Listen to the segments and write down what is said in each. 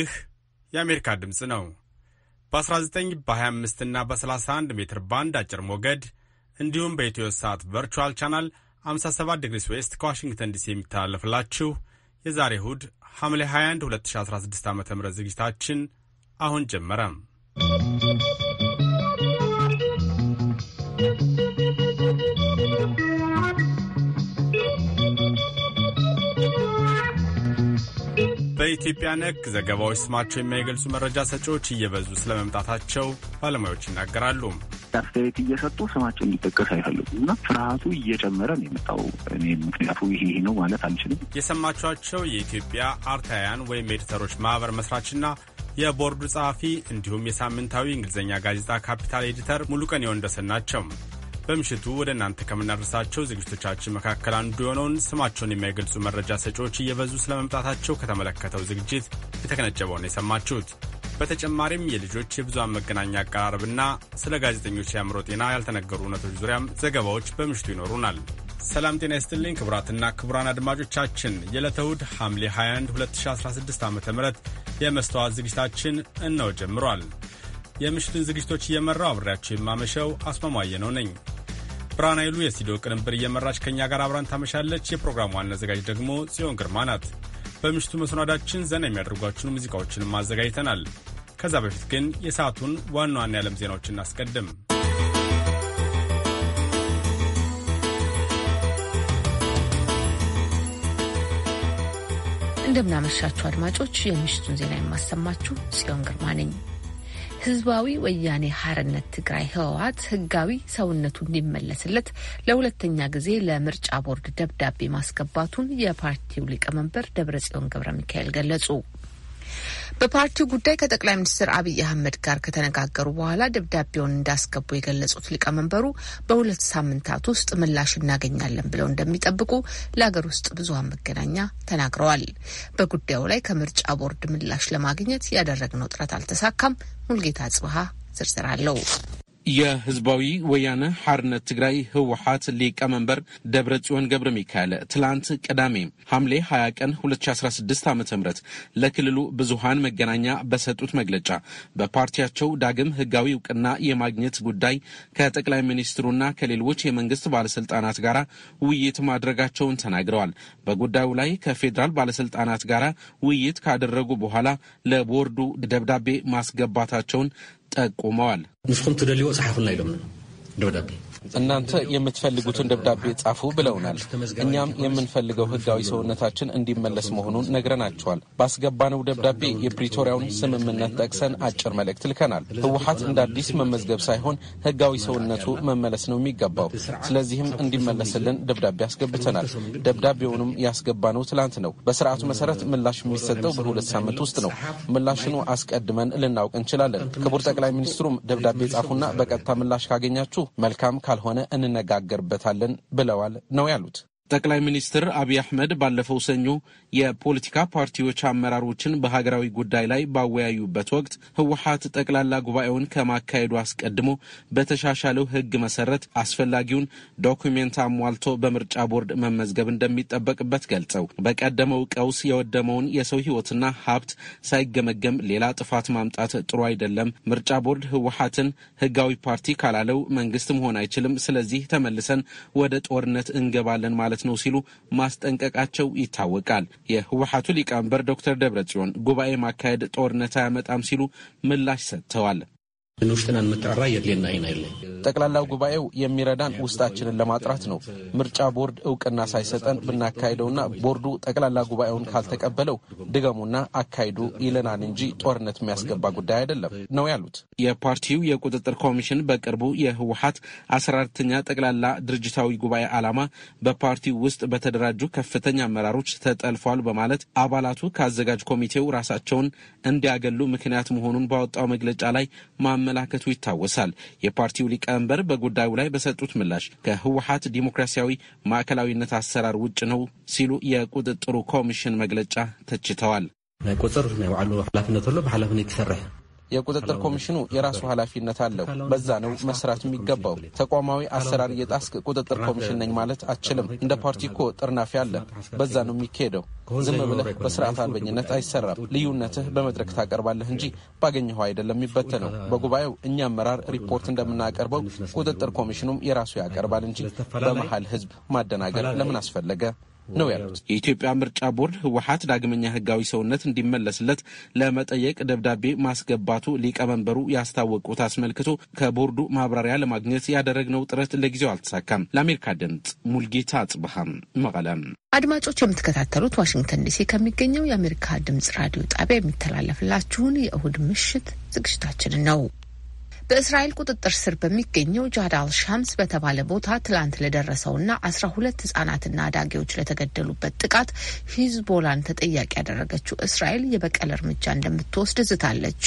ይህ የአሜሪካ ድምፅ ነው። በ19 በ25 እና በ31 ሜትር ባንድ አጭር ሞገድ እንዲሁም በኢትዮ ሰዓት ቨርቹዋል ቻናል 57 ዲግሪስ ዌስት ከዋሽንግተን ዲሲ የሚተላለፍላችሁ የዛሬ እሁድ ሐምሌ 21 2016 ዓ ም ዝግጅታችን አሁን ጀመረ። በኢትዮጵያ ነክ ዘገባዎች ስማቸው የማይገልጹ መረጃ ሰጪዎች እየበዙ ስለመምጣታቸው ባለሙያዎች ይናገራሉ። አስተያየት እየሰጡ ስማቸው እንዲጠቀስ አይፈልጉም እና ፍርሃቱ እየጨመረ ነው የመጣው። እኔ ምክንያቱ ይሄ ነው ማለት አልችልም። የሰማችኋቸው የኢትዮጵያ አርታያን ወይም ኤዲተሮች ማህበር መስራችና የቦርዱ ጸሐፊ እንዲሁም የሳምንታዊ እንግሊዝኛ ጋዜጣ ካፒታል ኤዲተር ሙሉቀን የወንደሰን ናቸው። በምሽቱ ወደ እናንተ ከምናደርሳቸው ዝግጅቶቻችን መካከል አንዱ የሆነውን ስማቸውን የማይገልጹ መረጃ ሰጪዎች እየበዙ ስለመምጣታቸው ከተመለከተው ዝግጅት የተቀነጨበውን የሰማችሁት። በተጨማሪም የልጆች የብዙሃን መገናኛ አቀራረብና ስለ ጋዜጠኞች የአእምሮ ጤና ያልተነገሩ እውነቶች ዙሪያም ዘገባዎች በምሽቱ ይኖሩናል። ሰላም ጤና ይስጥልኝ ክቡራትና ክቡራን አድማጮቻችን የዕለተ እሁድ ሐምሌ 21 2016 ዓ ም የመስተዋት ዝግጅታችን እነው ጀምሯል። የምሽቱን ዝግጅቶች እየመራው አብሬያቸው የማመሸው አስማማየ ነው ነኝ። ብርሃን ኃይሉ የስቱዲዮ ቅንብር እየመራች ከእኛ ጋር አብራን ታመሻለች። የፕሮግራሙ ዋና አዘጋጅ ደግሞ ጽዮን ግርማ ናት። በምሽቱ መሰናዳችን ዘና የሚያደርጓችሁን ሙዚቃዎችንም አዘጋጅተናል። ከዛ በፊት ግን የሰዓቱን ዋና ዋና የዓለም ዜናዎች እናስቀድም። እንደምናመሻችሁ አድማጮች፣ የምሽቱን ዜና የማሰማችሁ ጽዮን ግርማ ነኝ። ህዝባዊ ወያኔ ሀርነት ትግራይ ህወሀት ህጋዊ ሰውነቱ እንዲመለስለት ለሁለተኛ ጊዜ ለምርጫ ቦርድ ደብዳቤ ማስገባቱን የፓርቲው ሊቀመንበር ደብረጽዮን ገብረ ሚካኤል ገለጹ። በፓርቲው ጉዳይ ከጠቅላይ ሚኒስትር አብይ አህመድ ጋር ከተነጋገሩ በኋላ ደብዳቤውን እንዳስገቡ የገለጹት ሊቀመንበሩ በሁለት ሳምንታት ውስጥ ምላሽ እናገኛለን ብለው እንደሚጠብቁ ለሀገር ውስጥ ብዙሃን መገናኛ ተናግረዋል። በጉዳዩ ላይ ከምርጫ ቦርድ ምላሽ ለማግኘት ያደረግነው ጥረት አልተሳካም። ሙልጌታ ጽብሀ ዝርዝር አለው። የህዝባዊ ወያነ ሐርነት ትግራይ ህወሓት ሊቀመንበር ደብረ ጽዮን ገብረ ሚካኤል ትላንት ቅዳሜ ሐምሌ 20 ቀን 2016 ዓ ም ለክልሉ ብዙሃን መገናኛ በሰጡት መግለጫ በፓርቲያቸው ዳግም ህጋዊ እውቅና የማግኘት ጉዳይ ከጠቅላይ ሚኒስትሩና ከሌሎች የመንግስት ባለስልጣናት ጋር ውይይት ማድረጋቸውን ተናግረዋል። በጉዳዩ ላይ ከፌዴራል ባለስልጣናት ጋር ውይይት ካደረጉ በኋላ ለቦርዱ ደብዳቤ ማስገባታቸውን ጠቁመዋል። ንስኩም ትደልይዎ ፀሓፍና ኢሎም ደብዳቤ እናንተ የምትፈልጉትን ደብዳቤ ጻፉ ብለውናል። እኛም የምንፈልገው ህጋዊ ሰውነታችን እንዲመለስ መሆኑን ነግረናቸዋል። ባስገባነው ደብዳቤ የፕሪቶሪያውን ስምምነት ጠቅሰን አጭር መልእክት ልከናል። ህወሀት እንደ አዲስ መመዝገብ ሳይሆን ህጋዊ ሰውነቱ መመለስ ነው የሚገባው። ስለዚህም እንዲመለስልን ደብዳቤ አስገብተናል። ደብዳቤውንም ያስገባነው ትላንት ነው። በስርዓቱ መሰረት ምላሽ የሚሰጠው በሁለት ሳምንት ውስጥ ነው። ምላሽኑ አስቀድመን ልናውቅ እንችላለን። ክቡር ጠቅላይ ሚኒስትሩም ደብዳቤ ጻፉና በቀጥታ ምላሽ ካገኛችሁ መልካም ካልሆነ እንነጋገርበታለን ብለዋል ነው ያሉት። ጠቅላይ ሚኒስትር አብይ አህመድ ባለፈው ሰኞ የፖለቲካ ፓርቲዎች አመራሮችን በሀገራዊ ጉዳይ ላይ ባወያዩበት ወቅት ህወሀት ጠቅላላ ጉባኤውን ከማካሄዱ አስቀድሞ በተሻሻለው ህግ መሰረት አስፈላጊውን ዶኩሜንት አሟልቶ በምርጫ ቦርድ መመዝገብ እንደሚጠበቅበት ገልጸው በቀደመው ቀውስ የወደመውን የሰው ህይወትና ሀብት ሳይገመገም ሌላ ጥፋት ማምጣት ጥሩ አይደለም። ምርጫ ቦርድ ህወሀትን ህጋዊ ፓርቲ ካላለው መንግስት መሆን አይችልም። ስለዚህ ተመልሰን ወደ ጦርነት እንገባለን ማለት ማለት ነው ሲሉ ማስጠንቀቃቸው ይታወቃል። የህወሀቱ ሊቀመንበር ዶክተር ደብረ ጽዮን ጉባኤ ማካሄድ ጦርነት አያመጣም ሲሉ ምላሽ ሰጥተዋል። ጠቅላላው ጉባኤው የሚረዳን ውስጣችንን ለማጥራት ነው። ምርጫ ቦርድ እውቅና ሳይሰጠን ብናካሄደውና ቦርዱ ጠቅላላ ጉባኤውን ካልተቀበለው ድገሙና አካሂዱ ይለናል እንጂ ጦርነት የሚያስገባ ጉዳይ አይደለም ነው ያሉት። የፓርቲው የቁጥጥር ኮሚሽን በቅርቡ የህወሀት አስራ አራተኛ ጠቅላላ ድርጅታዊ ጉባኤ ዓላማ በፓርቲው ውስጥ በተደራጁ ከፍተኛ አመራሮች ተጠልፏል በማለት አባላቱ ከአዘጋጅ ኮሚቴው ራሳቸውን እንዲያገሉ ምክንያት መሆኑን ባወጣው መግለጫ ላይ ማመ ማመላከቱ ይታወሳል። የፓርቲው ሊቀመንበር በጉዳዩ ላይ በሰጡት ምላሽ ከህወሀት ዲሞክራሲያዊ ማዕከላዊነት አሰራር ውጭ ነው ሲሉ የቁጥጥሩ ኮሚሽን መግለጫ ተችተዋል። ናይ ቁፅር ናይ ባዕሉ ሓላፍነት ሎ ብሓላፍነት ይሰርሕ የቁጥጥር ኮሚሽኑ የራሱ ኃላፊነት አለው። በዛ ነው መስራት የሚገባው። ተቋማዊ አሰራር እየጣስክ ቁጥጥር ኮሚሽን ነኝ ማለት አችልም። እንደ ፓርቲ እኮ ጥርናፊ አለ። በዛ ነው የሚካሄደው። ዝም ብለህ በስርዓት አልበኝነት አይሰራም። ልዩነትህ በመድረክ ታቀርባለህ እንጂ ባገኘኸው አይደለም የሚበተነው። በጉባኤው እኛ አመራር ሪፖርት እንደምናቀርበው ቁጥጥር ኮሚሽኑም የራሱ ያቀርባል እንጂ በመሀል ህዝብ ማደናገር ለምን አስፈለገ? ነው ያሉት። የኢትዮጵያ ምርጫ ቦርድ ህወሀት ዳግመኛ ህጋዊ ሰውነት እንዲመለስለት ለመጠየቅ ደብዳቤ ማስገባቱ ሊቀመንበሩ ያስታወቁት አስመልክቶ ከቦርዱ ማብራሪያ ለማግኘት ያደረግነው ጥረት ለጊዜው አልተሳካም። ለአሜሪካ ድምጽ ሙልጌታ አጽብሃም መቀለም። አድማጮች የምትከታተሉት ዋሽንግተን ዲሲ ከሚገኘው የአሜሪካ ድምጽ ራዲዮ ጣቢያ የሚተላለፍላችሁን የእሁድ ምሽት ዝግጅታችንን ነው። በእስራኤል ቁጥጥር ስር በሚገኘው ጃዳል ሻምስ በተባለ ቦታ ትላንት ለደረሰውና አስራ ሁለት ህጻናትና አዳጊዎች ለተገደሉበት ጥቃት ሂዝቦላን ተጠያቂ ያደረገችው እስራኤል የበቀል እርምጃ እንደምትወስድ ዝታለች።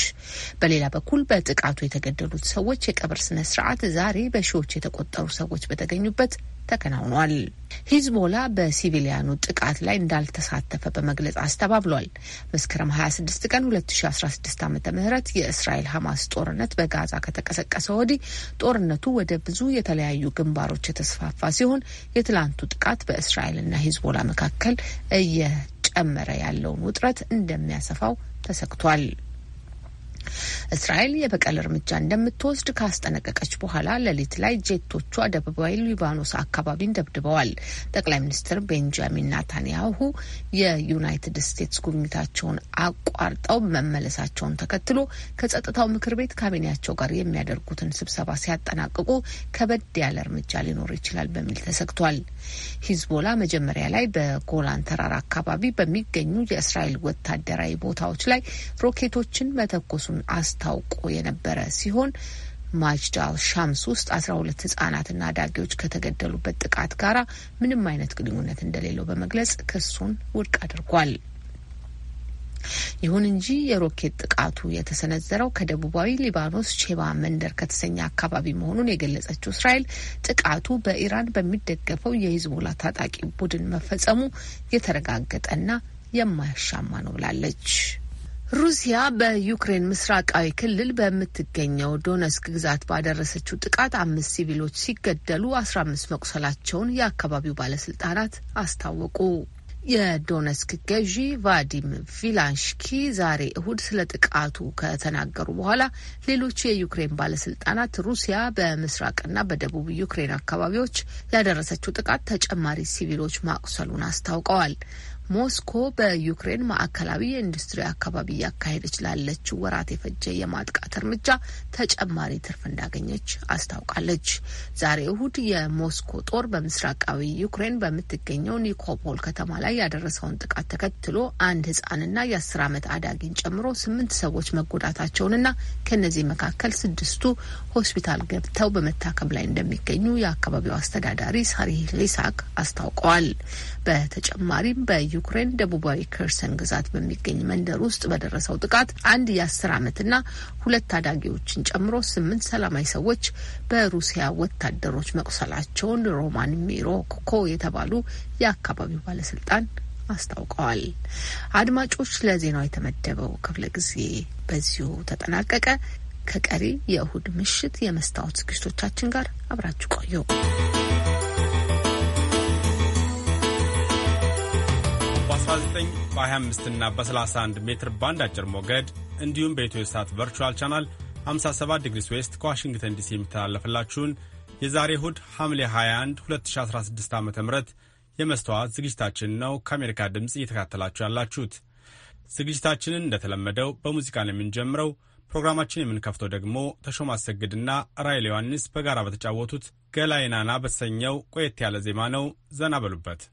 በሌላ በኩል በጥቃቱ የተገደሉት ሰዎች የቀብር ስነ ስርዓት ዛሬ በሺዎች የተቆጠሩ ሰዎች በተገኙበት ተከናውኗል። ሂዝቦላ በሲቪሊያኑ ጥቃት ላይ እንዳልተሳተፈ በመግለጽ አስተባብሏል። መስከረም 26 ቀን 2016 ዓ ም የእስራኤል ሐማስ ጦርነት በጋዛ ከተቀሰቀሰ ወዲህ ጦርነቱ ወደ ብዙ የተለያዩ ግንባሮች የተስፋፋ ሲሆን የትላንቱ ጥቃት በእስራኤልና ሂዝቦላ መካከል እየጨመረ ያለውን ውጥረት እንደሚያሰፋው ተሰግቷል። እስራኤል የበቀል እርምጃ እንደምትወስድ ካስጠነቀቀች በኋላ ሌሊት ላይ ጄቶቿ ደቡባዊ ሊባኖስ አካባቢን ደብድበዋል። ጠቅላይ ሚኒስትር ቤንጃሚን ናታንያሁ የዩናይትድ ስቴትስ ጉብኝታቸውን አቋርጠው መመለሳቸውን ተከትሎ ከጸጥታው ምክር ቤት ካቢኔያቸው ጋር የሚያደርጉትን ስብሰባ ሲያጠናቅቁ ከበድ ያለ እርምጃ ሊኖር ይችላል በሚል ተሰግቷል። ሂዝቦላ መጀመሪያ ላይ በጎላን ተራራ አካባቢ በሚገኙ የእስራኤል ወታደራዊ ቦታዎች ላይ ሮኬቶችን መተኮሱን አስታውቆ የነበረ ሲሆን ማጅዳል ሻምስ ውስጥ አስራ ሁለት ህጻናትና አዳጊዎች ከተገደሉበት ጥቃት ጋር ምንም አይነት ግንኙነት እንደሌለው በመግለጽ ክሱን ውድቅ አድርጓል። ይሁን እንጂ የሮኬት ጥቃቱ የተሰነዘረው ከደቡባዊ ሊባኖስ ቼባ መንደር ከተሰኘ አካባቢ መሆኑን የገለጸችው እስራኤል ጥቃቱ በኢራን በሚደገፈው የሂዝቦላ ታጣቂ ቡድን መፈጸሙ የተረጋገጠና የማያሻማ ነው ብላለች። ሩሲያ በዩክሬን ምስራቃዊ ክልል በምትገኘው ዶነስክ ግዛት ባደረሰችው ጥቃት አምስት ሲቪሎች ሲገደሉ አስራ አምስት መቁሰላቸውን የአካባቢው ባለስልጣናት አስታወቁ። የዶነስክ ገዢ ቫዲም ቪላንሽኪ ዛሬ እሁድ ስለ ጥቃቱ ከተናገሩ በኋላ ሌሎች የዩክሬን ባለስልጣናት ሩሲያ በምስራቅና በደቡብ ዩክሬን አካባቢዎች ያደረሰችው ጥቃት ተጨማሪ ሲቪሎች ማቁሰሉን አስታውቀዋል። ሞስኮ በዩክሬን ማዕከላዊ የኢንዱስትሪ አካባቢ እያካሄደች ላለችው ወራት የፈጀ የማጥቃት እርምጃ ተጨማሪ ትርፍ እንዳገኘች አስታውቃለች። ዛሬ እሁድ የሞስኮ ጦር በምስራቃዊ ዩክሬን በምትገኘው ኒኮፖል ከተማ ላይ ያደረሰውን ጥቃት ተከትሎ አንድ ህጻንና የአስር ዓመት አዳጊን ጨምሮ ስምንት ሰዎች መጎዳታቸውንና ከእነዚህ መካከል ስድስቱ ሆስፒታል ገብተው በመታከም ላይ እንደሚገኙ የአካባቢው አስተዳዳሪ ሳሪ ሊሳክ አስታውቀዋል። በተጨማሪም በዩክሬን ደቡባዊ ከርሰን ግዛት በሚገኝ መንደር ውስጥ በደረሰው ጥቃት አንድ የአስር ዓመትና ሁለት ታዳጊዎችን ጨምሮ ስምንት ሰላማዊ ሰዎች በሩሲያ ወታደሮች መቁሰላቸውን ሮማን ሚሮኮ የተባሉ የአካባቢው ባለስልጣን አስታውቀዋል። አድማጮች፣ ለዜናው የተመደበው ክፍለ ጊዜ በዚሁ ተጠናቀቀ። ከቀሪ የእሁድ ምሽት የመስታወት ዝግጅቶቻችን ጋር አብራችሁ ቆዩ። በ19 በ25 እና በ31 ሜትር ባንድ አጭር ሞገድ እንዲሁም በኢትዮ ሳት ቨርቹዋል ቻናል 57 ዲግሪስ ዌስት ከዋሽንግተን ዲሲ የሚተላለፍላችሁን የዛሬ እሁድ ሐምሌ 21 2016 ዓ ም የመስተዋት ዝግጅታችን ነው ከአሜሪካ ድምፅ እየተካተላችሁ ያላችሁት። ዝግጅታችንን እንደተለመደው በሙዚቃ ነው የምንጀምረው። ፕሮግራማችን የምንከፍተው ደግሞ ተሾም አሰግድና ራይል ዮሐንስ በጋራ በተጫወቱት ገላይናና በተሰኘው ቆየት ያለ ዜማ ነው። ዘና በሉበት።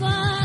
Go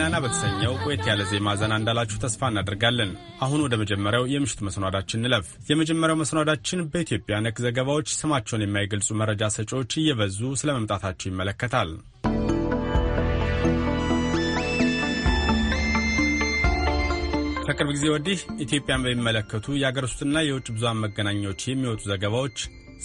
ላይናና በተሰኘው ቆየት ያለ ዜማ ዘና እንዳላችሁ ተስፋ እናደርጋለን። አሁን ወደ መጀመሪያው የምሽት መሰናዳችን እንለፍ። የመጀመሪያው መሰናዳችን በኢትዮጵያ ነክ ዘገባዎች ስማቸውን የማይገልጹ መረጃ ሰጪዎች እየበዙ ስለ መምጣታቸው ይመለከታል። ከቅርብ ጊዜ ወዲህ ኢትዮጵያን በሚመለከቱ የአገር ውስጥና የውጭ ብዙሃን መገናኛዎች የሚወጡ ዘገባዎች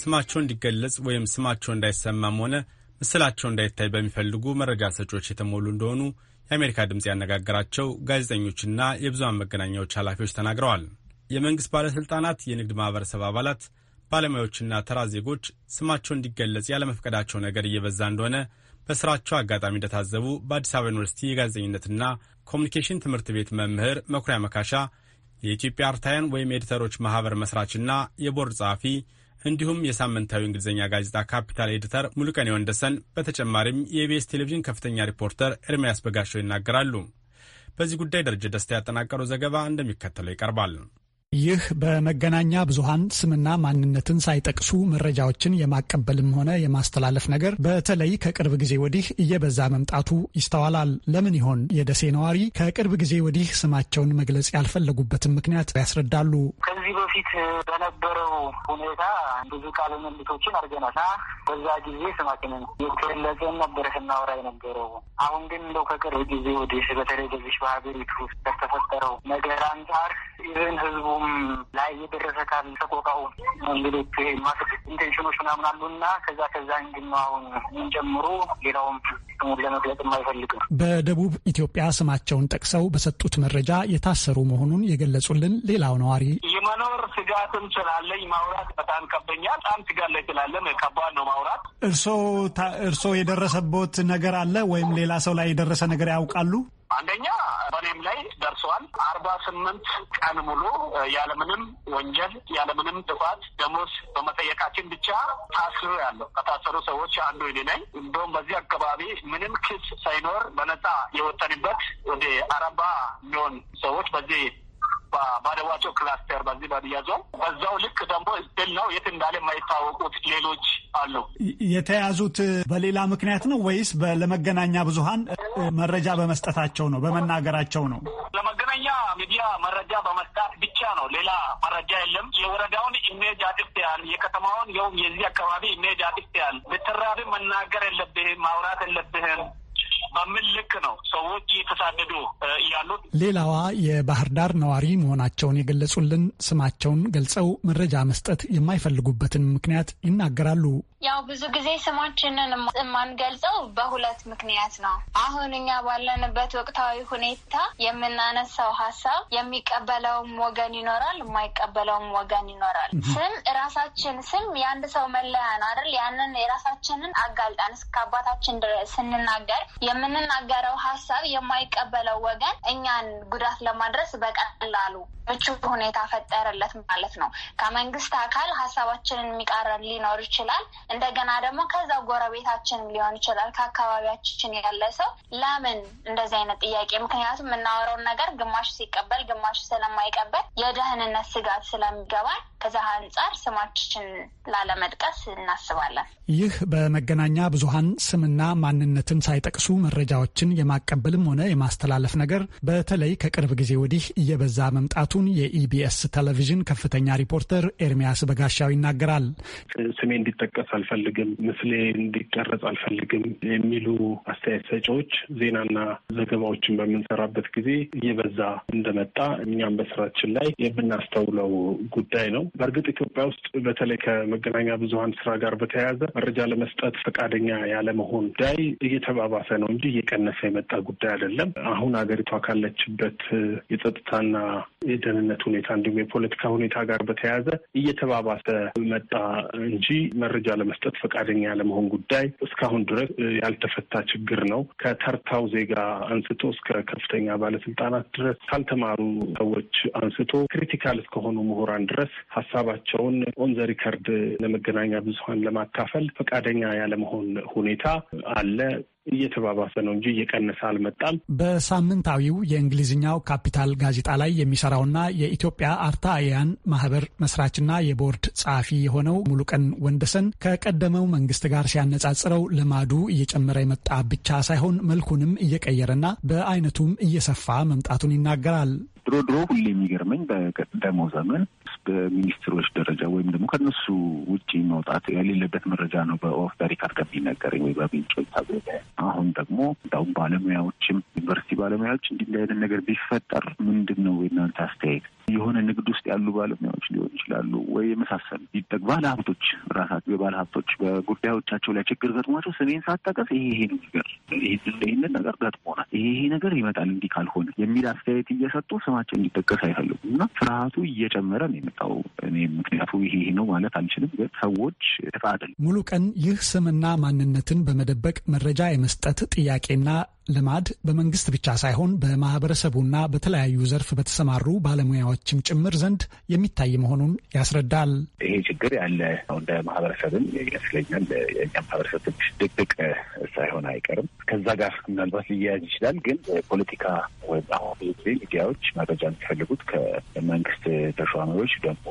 ስማቸው እንዲገለጽ ወይም ስማቸው እንዳይሰማም ሆነ ምስላቸው እንዳይታይ በሚፈልጉ መረጃ ሰጪዎች የተሞሉ እንደሆኑ የአሜሪካ ድምፅ ያነጋገራቸው ጋዜጠኞችና የብዙሃን መገናኛዎች ኃላፊዎች ተናግረዋል። የመንግሥት ባለሥልጣናት፣ የንግድ ማኅበረሰብ አባላት፣ ባለሙያዎችና ተራ ዜጎች ስማቸው እንዲገለጽ ያለመፍቀዳቸው ነገር እየበዛ እንደሆነ በስራቸው አጋጣሚ እንደታዘቡ በአዲስ አበባ ዩኒቨርሲቲ የጋዜጠኝነትና ኮሚኒኬሽን ትምህርት ቤት መምህር መኩሪያ መካሻ የኢትዮጵያ አርታያን ወይም ኤዲተሮች ማኅበር መስራችና የቦርድ ጸሐፊ እንዲሁም የሳምንታዊ እንግሊዝኛ ጋዜጣ ካፒታል ኤዲተር ሙሉቀኔ ወንደሰን በተጨማሪም የኢቢኤስ ቴሌቪዥን ከፍተኛ ሪፖርተር ኤርሚያስ በጋሾ ይናገራሉ። በዚህ ጉዳይ ደረጀ ደስታ ያጠናቀረው ዘገባ እንደሚከተለው ይቀርባል። ይህ በመገናኛ ብዙኃን ስምና ማንነትን ሳይጠቅሱ መረጃዎችን የማቀበልም ሆነ የማስተላለፍ ነገር በተለይ ከቅርብ ጊዜ ወዲህ እየበዛ መምጣቱ ይስተዋላል። ለምን ይሆን? የደሴ ነዋሪ ከቅርብ ጊዜ ወዲህ ስማቸውን መግለጽ ያልፈለጉበትን ምክንያት ያስረዳሉ። ከዚህ በፊት በነበረው ሁኔታ ብዙ ቃለ ምልልሶችን አድርገናል በዛ ጊዜ ስማችንን የተለጸን ነበረ ስናወራ የነበረው። አሁን ግን እንደው ከቅርብ ጊዜ ወዲህ በተለይ በዚህ በሀገሪቱ ውስጥ ከተፈጠረው ነገር አንጻር ይህን ህዝቡ ሰውም ላይ የደረሰ ካል ሰቆቃው እንግዲህ ማስግ ኢንቴንሽኖች ምናምን አሉና ከዛ ከዛ እንግና አሁን ጀምሮ ሌላውም ስሙን ለመግለጽም አይፈልግም። በደቡብ ኢትዮጵያ ስማቸውን ጠቅሰው በሰጡት መረጃ የታሰሩ መሆኑን የገለጹልን ሌላው ነዋሪ የመኖር ስጋትም ስላለኝ ማውራት በጣም ከበኛል። በጣም ስጋት ላይ ስላለ ከባድ ነው ማውራት። እርሶ እርሶ የደረሰቦት ነገር አለ ወይም ሌላ ሰው ላይ የደረሰ ነገር ያውቃሉ? አንደኛ በእኔም ላይ ደርሰዋል። አርባ ስምንት ቀን ሙሉ ያለምንም ወንጀል ያለምንም ጥፋት ደሞዝ በመጠየቃችን ብቻ ታስሮ ያለው ከታሰሩ ሰዎች አንዱ እኔ ነኝ። እንደውም በዚህ አካባቢ ምንም ክስ ሳይኖር በነፃ የወጠንበት ወደ አረባ ሚሊዮን ሰዎች በዚህ በአደዋቸው ክላስተር በዚህ ባድያ ዞን በዛው ልክ ደግሞ እድል ነው የት እንዳለ የማይታወቁት ሌሎች አሉ። የተያዙት በሌላ ምክንያት ነው ወይስ ለመገናኛ ብዙሀን መረጃ በመስጠታቸው ነው በመናገራቸው ነው? ለመገናኛ ሚዲያ መረጃ በመስጣት ብቻ ነው። ሌላ መረጃ የለም። የወረዳውን ኢሜጅ አጥፍተሃል፣ የከተማውን የዚህ አካባቢ ኢሜጅ አጥፍተሃል፣ ብትራብ መናገር የለብህም ማውራት የለብህም በምን ልክ ነው ሰዎች እየተሳደዱ ያሉት? ሌላዋ የባህር ዳር ነዋሪ መሆናቸውን የገለጹልን ስማቸውን ገልጸው መረጃ መስጠት የማይፈልጉበትን ምክንያት ይናገራሉ። ያው ብዙ ጊዜ ስማችንን የማንገልጸው በሁለት ምክንያት ነው። አሁን እኛ ባለንበት ወቅታዊ ሁኔታ የምናነሳው ሀሳብ የሚቀበለውም ወገን ይኖራል፣ የማይቀበለውም ወገን ይኖራል። ስም ራሳችን ስም የአንድ ሰው መለያ ነው አይደል? ያንን የራሳችንን አጋልጣን እስከ አባታችን ድረስ ስንናገር የምንናገረው ሀሳብ የማይቀበለው ወገን እኛን ጉዳት ለማድረስ በቀላሉ ምቹ ሁኔታ ፈጠረለት ማለት ነው። ከመንግስት አካል ሀሳባችንን የሚቃረን ሊኖር ይችላል። እንደገና ደግሞ ከዛ ጎረቤታችን ሊሆን ይችላል ከአካባቢያችን ያለ ሰው ለምን እንደዚህ አይነት ጥያቄ ምክንያቱም የምናወረውን ነገር ግማሽ ሲቀበል ግማሽ ስለማይቀበል የደህንነት ስጋት ስለሚገባል ከዛ አንጻር ስማችን ላለመጥቀስ እናስባለን። ይህ በመገናኛ ብዙኃን ስምና ማንነትን ሳይጠቅሱ መረጃዎችን የማቀበልም ሆነ የማስተላለፍ ነገር በተለይ ከቅርብ ጊዜ ወዲህ እየበዛ መምጣቱን የኢቢኤስ ቴሌቪዥን ከፍተኛ ሪፖርተር ኤርሚያስ በጋሻው ይናገራል። ስሜ እንዲጠቀስ አልፈልግም፣ ምስሌ እንዲቀረጽ አልፈልግም የሚሉ አስተያየት ሰጪዎች ዜናና ዘገባዎችን በምንሰራበት ጊዜ እየበዛ እንደመጣ እኛም በስራችን ላይ የምናስተውለው ጉዳይ ነው። በእርግጥ ኢትዮጵያ ውስጥ በተለይ ከመገናኛ ብዙኃን ስራ ጋር በተያያዘ መረጃ ለመስጠት ፈቃደኛ ያለመሆን ጉዳይ እየተባባሰ ነው እንጂ እየቀነሰ የመጣ ጉዳይ አይደለም። አሁን ሀገሪቷ ካለችበት የጸጥታና የደህንነት ሁኔታ እንዲሁም የፖለቲካ ሁኔታ ጋር በተያያዘ እየተባባሰ መጣ እንጂ መረጃ ለመስጠት ፈቃደኛ ያለመሆን ጉዳይ እስካሁን ድረስ ያልተፈታ ችግር ነው። ከተርታው ዜጋ አንስቶ እስከ ከፍተኛ ባለስልጣናት ድረስ ካልተማሩ ሰዎች አንስቶ ክሪቲካል እስከሆኑ ምሁራን ድረስ ሀሳባቸውን ኦንዘ ሪከርድ ለመገናኛ ብዙሀን ለማካፈል ፈቃደኛ ያለመሆን ሁኔታ አለ። እየተባባሰ ነው እንጂ እየቀነሰ አልመጣም። በሳምንታዊው የእንግሊዝኛው ካፒታል ጋዜጣ ላይ የሚሰራውና የኢትዮጵያ አርታያን ማህበር መስራችና የቦርድ ጸሐፊ የሆነው ሙሉቀን ወንደሰን ከቀደመው መንግስት ጋር ሲያነጻጽረው ልማዱ እየጨመረ የመጣ ብቻ ሳይሆን መልኩንም እየቀየረና በአይነቱም እየሰፋ መምጣቱን ይናገራል። ድሮ ድሮ ሁሌ የሚገርመኝ በቀደመው ዘመን በሚኒስትሮች ደረጃ ወይም ደግሞ ከነሱ ውጭ መውጣት የሌለበት መረጃ ነው። በኦፍ በሪካርድ የሚነገረኝ ወይ በምንጮች ታዘበ። አሁን ደግሞ እንዳሁም ባለሙያዎችም ዩኒቨርሲቲ ባለሙያዎች እንዲህ አይነት ነገር ቢፈጠር ምንድን ነው የእናንተ አስተያየት? የሆነ ንግድ ውስጥ ያሉ ባለሙያዎች ሊሆን ይችላሉ ወይ የመሳሰሉ ይጠቅ ባለ ሀብቶች ራሳቸው የባለ ሀብቶች በጉዳዮቻቸው ላይ ችግር ገጥሟቸው ስሜን ሳጠቀስ ይሄ ይሄ ነገር ይህንን ነገር ገጥሞናል፣ ይሄ ይሄ ነገር ይመጣል እንዲህ ካልሆነ የሚል አስተያየት እየሰጡ ስማቸው እንዲጠቀስ አይፈልጉም እና ፍርሃቱ እየጨመረ ነው የመጣው። እኔ ምክንያቱ ይሄ ይሄ ነው ማለት አልችልም፣ ግን ሰዎች ጥቃ ሙሉ ቀን ይህ ስምና ማንነትን በመደበቅ መረጃ የመስጠት ጥያቄና ልማድ በመንግስት ብቻ ሳይሆን በማህበረሰቡና በተለያዩ ዘርፍ በተሰማሩ ባለሙያዎችም ጭምር ዘንድ የሚታይ መሆኑን ያስረዳል። ይሄ ችግር ያለ እንደ ማህበረሰብም ማህበረሰብ ትንሽ ድቅድቅ ሳይሆን አይቀርም። ከዛ ጋር ምናልባት ሊያያዝ ይችላል። ግን ፖለቲካ ወይም አሁን ብዙ ጊዜ ሚዲያዎች መረጃ የሚፈልጉት ከመንግስት ተሿሚዎች ደግሞ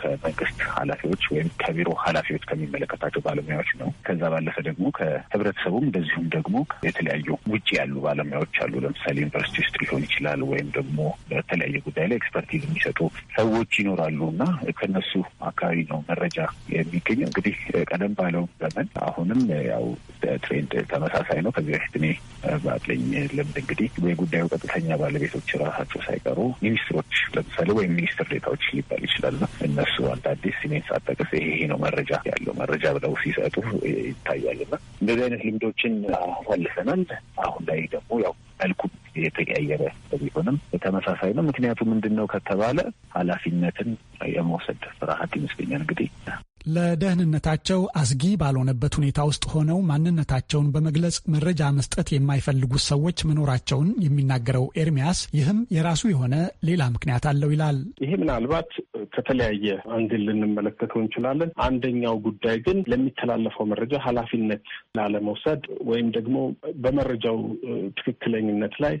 ከመንግስት ኃላፊዎች ወይም ከቢሮ ኃላፊዎች ከሚመለከታቸው ባለሙያዎች ነው። ከዛ ባለፈ ደግሞ ከህብረተሰቡም እንደዚሁም ደግሞ የተለያዩ ውጭ ያሉ ባለሙያዎች አሉ። ለምሳሌ ዩኒቨርሲቲ ውስጥ ሊሆን ይችላል ወይም ደግሞ በተለያየ ጉዳይ ላይ ኤክስፐርቲዝ የሚሰጡ ሰዎች ይኖራሉ እና ከነሱ አካባቢ ነው መረጃ የሚገኘው። እንግዲህ ቀደም ባለው ዘመን አሁንም ያው ትሬንድ ተመሳሳይ ነው። ከዚህ በፊት እኔ በአለኝ ልምድ እንግዲህ የጉዳዩ ቀጥተኛ ባለቤቶች ራሳቸው ሳይቀሩ ሚኒስትሮች ለምሳሌ ወይም ሚኒስትር ዴታዎች ሊባል ይችላል። እነሱ አንድ አዲስ ሲሜንስ አጠቅስ ይሄ ነው መረጃ ያለው መረጃ ብለው ሲሰጡ ና እንደዚህ አይነት ልምዶችን አሳልፈናል። አሁን ላይ ደግሞ ያው መልኩ የተቀያየረ ቢሆንም ተመሳሳይ ነው። ምክንያቱ ምንድን ነው ከተባለ ኃላፊነትን የመውሰድ ፍርሃት ይመስለኛል። እንግዲህ ለደህንነታቸው አስጊ ባልሆነበት ሁኔታ ውስጥ ሆነው ማንነታቸውን በመግለጽ መረጃ መስጠት የማይፈልጉት ሰዎች መኖራቸውን የሚናገረው ኤርሚያስ ይህም የራሱ የሆነ ሌላ ምክንያት አለው ይላል። ይሄ ምናልባት ከተለያየ አንግል ልንመለከተው እንችላለን። አንደኛው ጉዳይ ግን ለሚተላለፈው መረጃ ኃላፊነት ላለመውሰድ ወይም ደግሞ በመረጃው ትክክለኝነት ላይ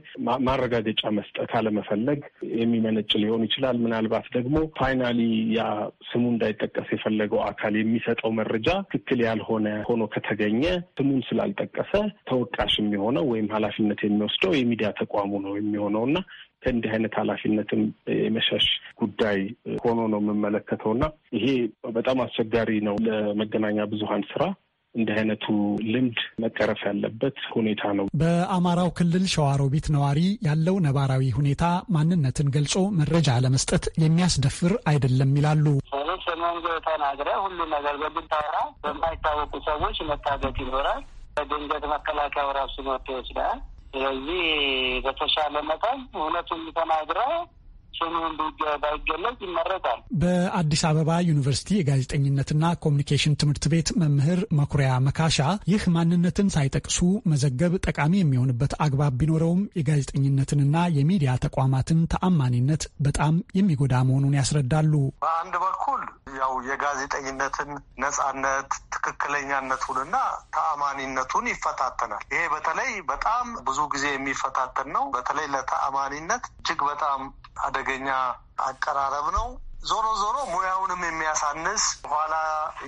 ማረጋገጫ መስጠት ካለመፈለግ የሚመነጭ ሊሆን ይችላል። ምናልባት ደግሞ ፋይናሊ ያ ስሙ እንዳይጠቀስ የፈለገው አካል የሚሰጠው መረጃ ትክክል ያልሆነ ሆኖ ከተገኘ ስሙን ስላልጠቀሰ ተወቃሽ የሚሆነው ወይም ኃላፊነት የሚወስደው የሚዲያ ተቋሙ ነው የሚሆነው እና ከእንዲህ አይነት ኃላፊነትም የመሸሽ ጉዳይ ሆኖ ነው የምመለከተው እና ይሄ በጣም አስቸጋሪ ነው ለመገናኛ ብዙሀን ስራ እንዲህ አይነቱ ልምድ መቀረፍ ያለበት ሁኔታ ነው። በአማራው ክልል ሸዋሮቢት ነዋሪ ያለው ነባራዊ ሁኔታ ማንነትን ገልጾ መረጃ ለመስጠት የሚያስደፍር አይደለም ይላሉ። ሰዎች በመንጎ ተናግረ ሁሉ ነገር በግንታራ በማይታወቁ ሰዎች መታገት ይኖራል። በድንገት መከላከያው ራሱ መጥቶ ይወስዳል። ስለዚህ በተሻለ መጠን እውነቱን ተናግረው ሰሞኑን በውጊያ ባይገለጽ ይመረጣል። በአዲስ አበባ ዩኒቨርሲቲ የጋዜጠኝነትና ኮሚኒኬሽን ትምህርት ቤት መምህር መኩሪያ መካሻ ይህ ማንነትን ሳይጠቅሱ መዘገብ ጠቃሚ የሚሆንበት አግባብ ቢኖረውም የጋዜጠኝነትንና የሚዲያ ተቋማትን ተአማኒነት በጣም የሚጎዳ መሆኑን ያስረዳሉ። በአንድ በኩል ያው የጋዜጠኝነትን ነጻነት ትክክለኛነቱንና ተአማኒነቱን ይፈታተናል። ይሄ በተለይ በጣም ብዙ ጊዜ የሚፈታተን ነው። በተለይ ለተአማኒነት እጅግ በጣም አደ አደገኛ አቀራረብ ነው። ዞሮ ዞሮ ሙያውንም የሚያሳንስ በኋላ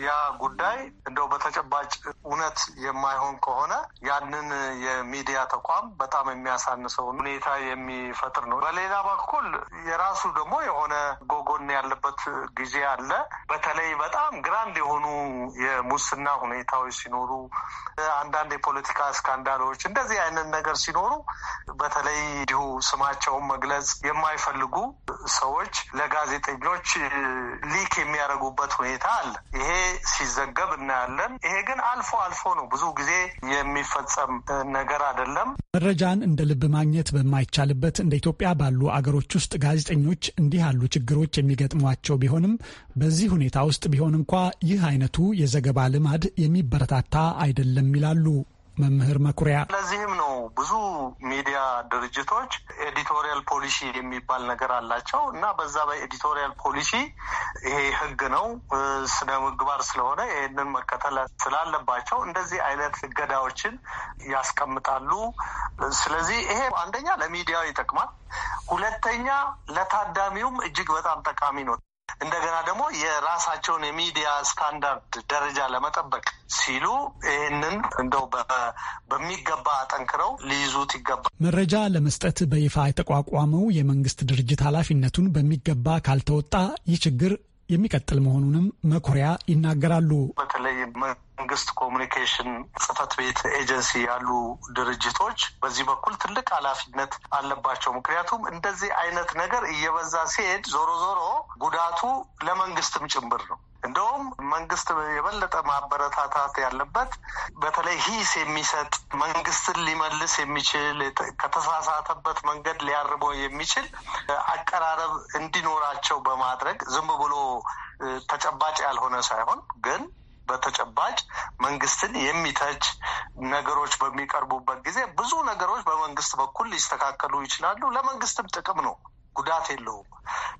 ያ ጉዳይ እንደው በተጨባጭ እውነት የማይሆን ከሆነ ያንን የሚዲያ ተቋም በጣም የሚያሳንሰውን ሁኔታ የሚፈጥር ነው። በሌላ በኩል የራሱ ደግሞ የሆነ ጎጎን ያለበት ጊዜ አለ። በተለይ በጣም ግራንድ የሆኑ የሙስና ሁኔታዎች ሲኖሩ፣ አንዳንድ የፖለቲካ ስካንዳሎች እንደዚህ አይነት ነገር ሲኖሩ በተለይ እንዲሁ ስማቸውን መግለጽ የማይፈልጉ ሰዎች ለጋዜጠኞች ሰዎች ሊክ የሚያደርጉበት ሁኔታ አለ። ይሄ ሲዘገብ እናያለን። ይሄ ግን አልፎ አልፎ ነው፣ ብዙ ጊዜ የሚፈጸም ነገር አይደለም። መረጃን እንደ ልብ ማግኘት በማይቻልበት እንደ ኢትዮጵያ ባሉ አገሮች ውስጥ ጋዜጠኞች እንዲህ ያሉ ችግሮች የሚገጥሟቸው ቢሆንም በዚህ ሁኔታ ውስጥ ቢሆን እንኳ ይህ አይነቱ የዘገባ ልማድ የሚበረታታ አይደለም ይላሉ። መምህር መኩሪያ። ለዚህም ነው ብዙ ሚዲያ ድርጅቶች ኤዲቶሪያል ፖሊሲ የሚባል ነገር አላቸው እና በዛ በኤዲቶሪያል ፖሊሲ ይሄ ህግ ነው ስነ ምግባር ስለሆነ ይህንን መከተል ስላለባቸው እንደዚህ አይነት እገዳዎችን ያስቀምጣሉ። ስለዚህ ይሄ አንደኛ ለሚዲያው ይጠቅማል፣ ሁለተኛ ለታዳሚውም እጅግ በጣም ጠቃሚ ነው። እንደገና ደግሞ የራሳቸውን የሚዲያ ስታንዳርድ ደረጃ ለመጠበቅ ሲሉ ይህንን እንደው በሚገባ አጠንክረው ሊይዙት ይገባል። መረጃ ለመስጠት በይፋ የተቋቋመው የመንግስት ድርጅት ኃላፊነቱን በሚገባ ካልተወጣ ይህ ችግር የሚቀጥል መሆኑንም መኩሪያ ይናገራሉ። በተለይ መንግስት ኮሚኒኬሽን ጽህፈት ቤት ኤጀንሲ ያሉ ድርጅቶች በዚህ በኩል ትልቅ ኃላፊነት አለባቸው። ምክንያቱም እንደዚህ አይነት ነገር እየበዛ ሲሄድ ዞሮ ዞሮ ጉዳቱ ለመንግስትም ጭምር ነው። እንደውም መንግስት የበለጠ ማበረታታት ያለበት በተለይ ሂስ የሚሰጥ መንግስትን ሊመልስ የሚችል ከተሳሳተበት መንገድ ሊያርመው የሚችል አቀራረብ እንዲኖራቸው በማድረግ ዝም ብሎ ተጨባጭ ያልሆነ ሳይሆን ግን በተጨባጭ መንግስትን የሚተች ነገሮች በሚቀርቡበት ጊዜ ብዙ ነገሮች በመንግስት በኩል ሊስተካከሉ ይችላሉ። ለመንግስትም ጥቅም ነው። ጉዳት የለውም።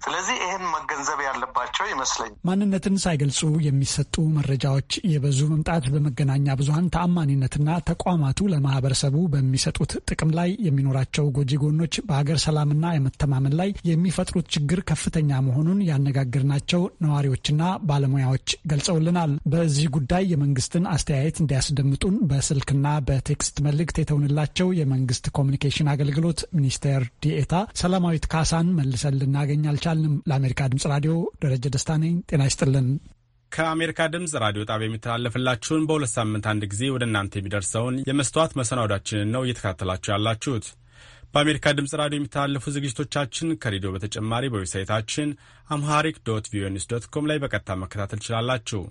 ስለዚህ ይህን መገንዘብ ያለባቸው ይመስለኛል። ማንነትን ሳይገልጹ የሚሰጡ መረጃዎች የበዙ መምጣት በመገናኛ ብዙኃን ተአማኒነትና ተቋማቱ ለማህበረሰቡ በሚሰጡት ጥቅም ላይ የሚኖራቸው ጎጂ ጎኖች በሀገር ሰላምና የመተማመን ላይ የሚፈጥሩት ችግር ከፍተኛ መሆኑን ናቸው። ነዋሪዎችና ባለሙያዎች ገልጸውልናል። በዚህ ጉዳይ የመንግስትን አስተያየት እንዲያስደምጡን በስልክና በቴክስት መልእክት የተውንላቸው የመንግስት ኮሚኒኬሽን አገልግሎት ሚኒስቴር ዲኤታ ሰላማዊት ካሳን ደስታን መልሰን ልናገኝ አልቻልንም። ለአሜሪካ ድምፅ ራዲዮ ደረጀ ደስታ ነኝ። ጤና ይስጥልን። ከአሜሪካ ድምፅ ራዲዮ ጣቢያ የሚተላለፍላችሁን በሁለት ሳምንት አንድ ጊዜ ወደ እናንተ የሚደርሰውን የመስተዋት መሰናወዳችንን ነው እየተከታተላችሁ ያላችሁት። በአሜሪካ ድምፅ ራዲዮ የሚተላለፉ ዝግጅቶቻችን ከሬዲዮ በተጨማሪ በዌብሳይታችን አምሃሪክ ዶት ቪኦኤ ኒውስ ዶት ኮም ላይ በቀጥታ መከታተል ትችላላችሁ።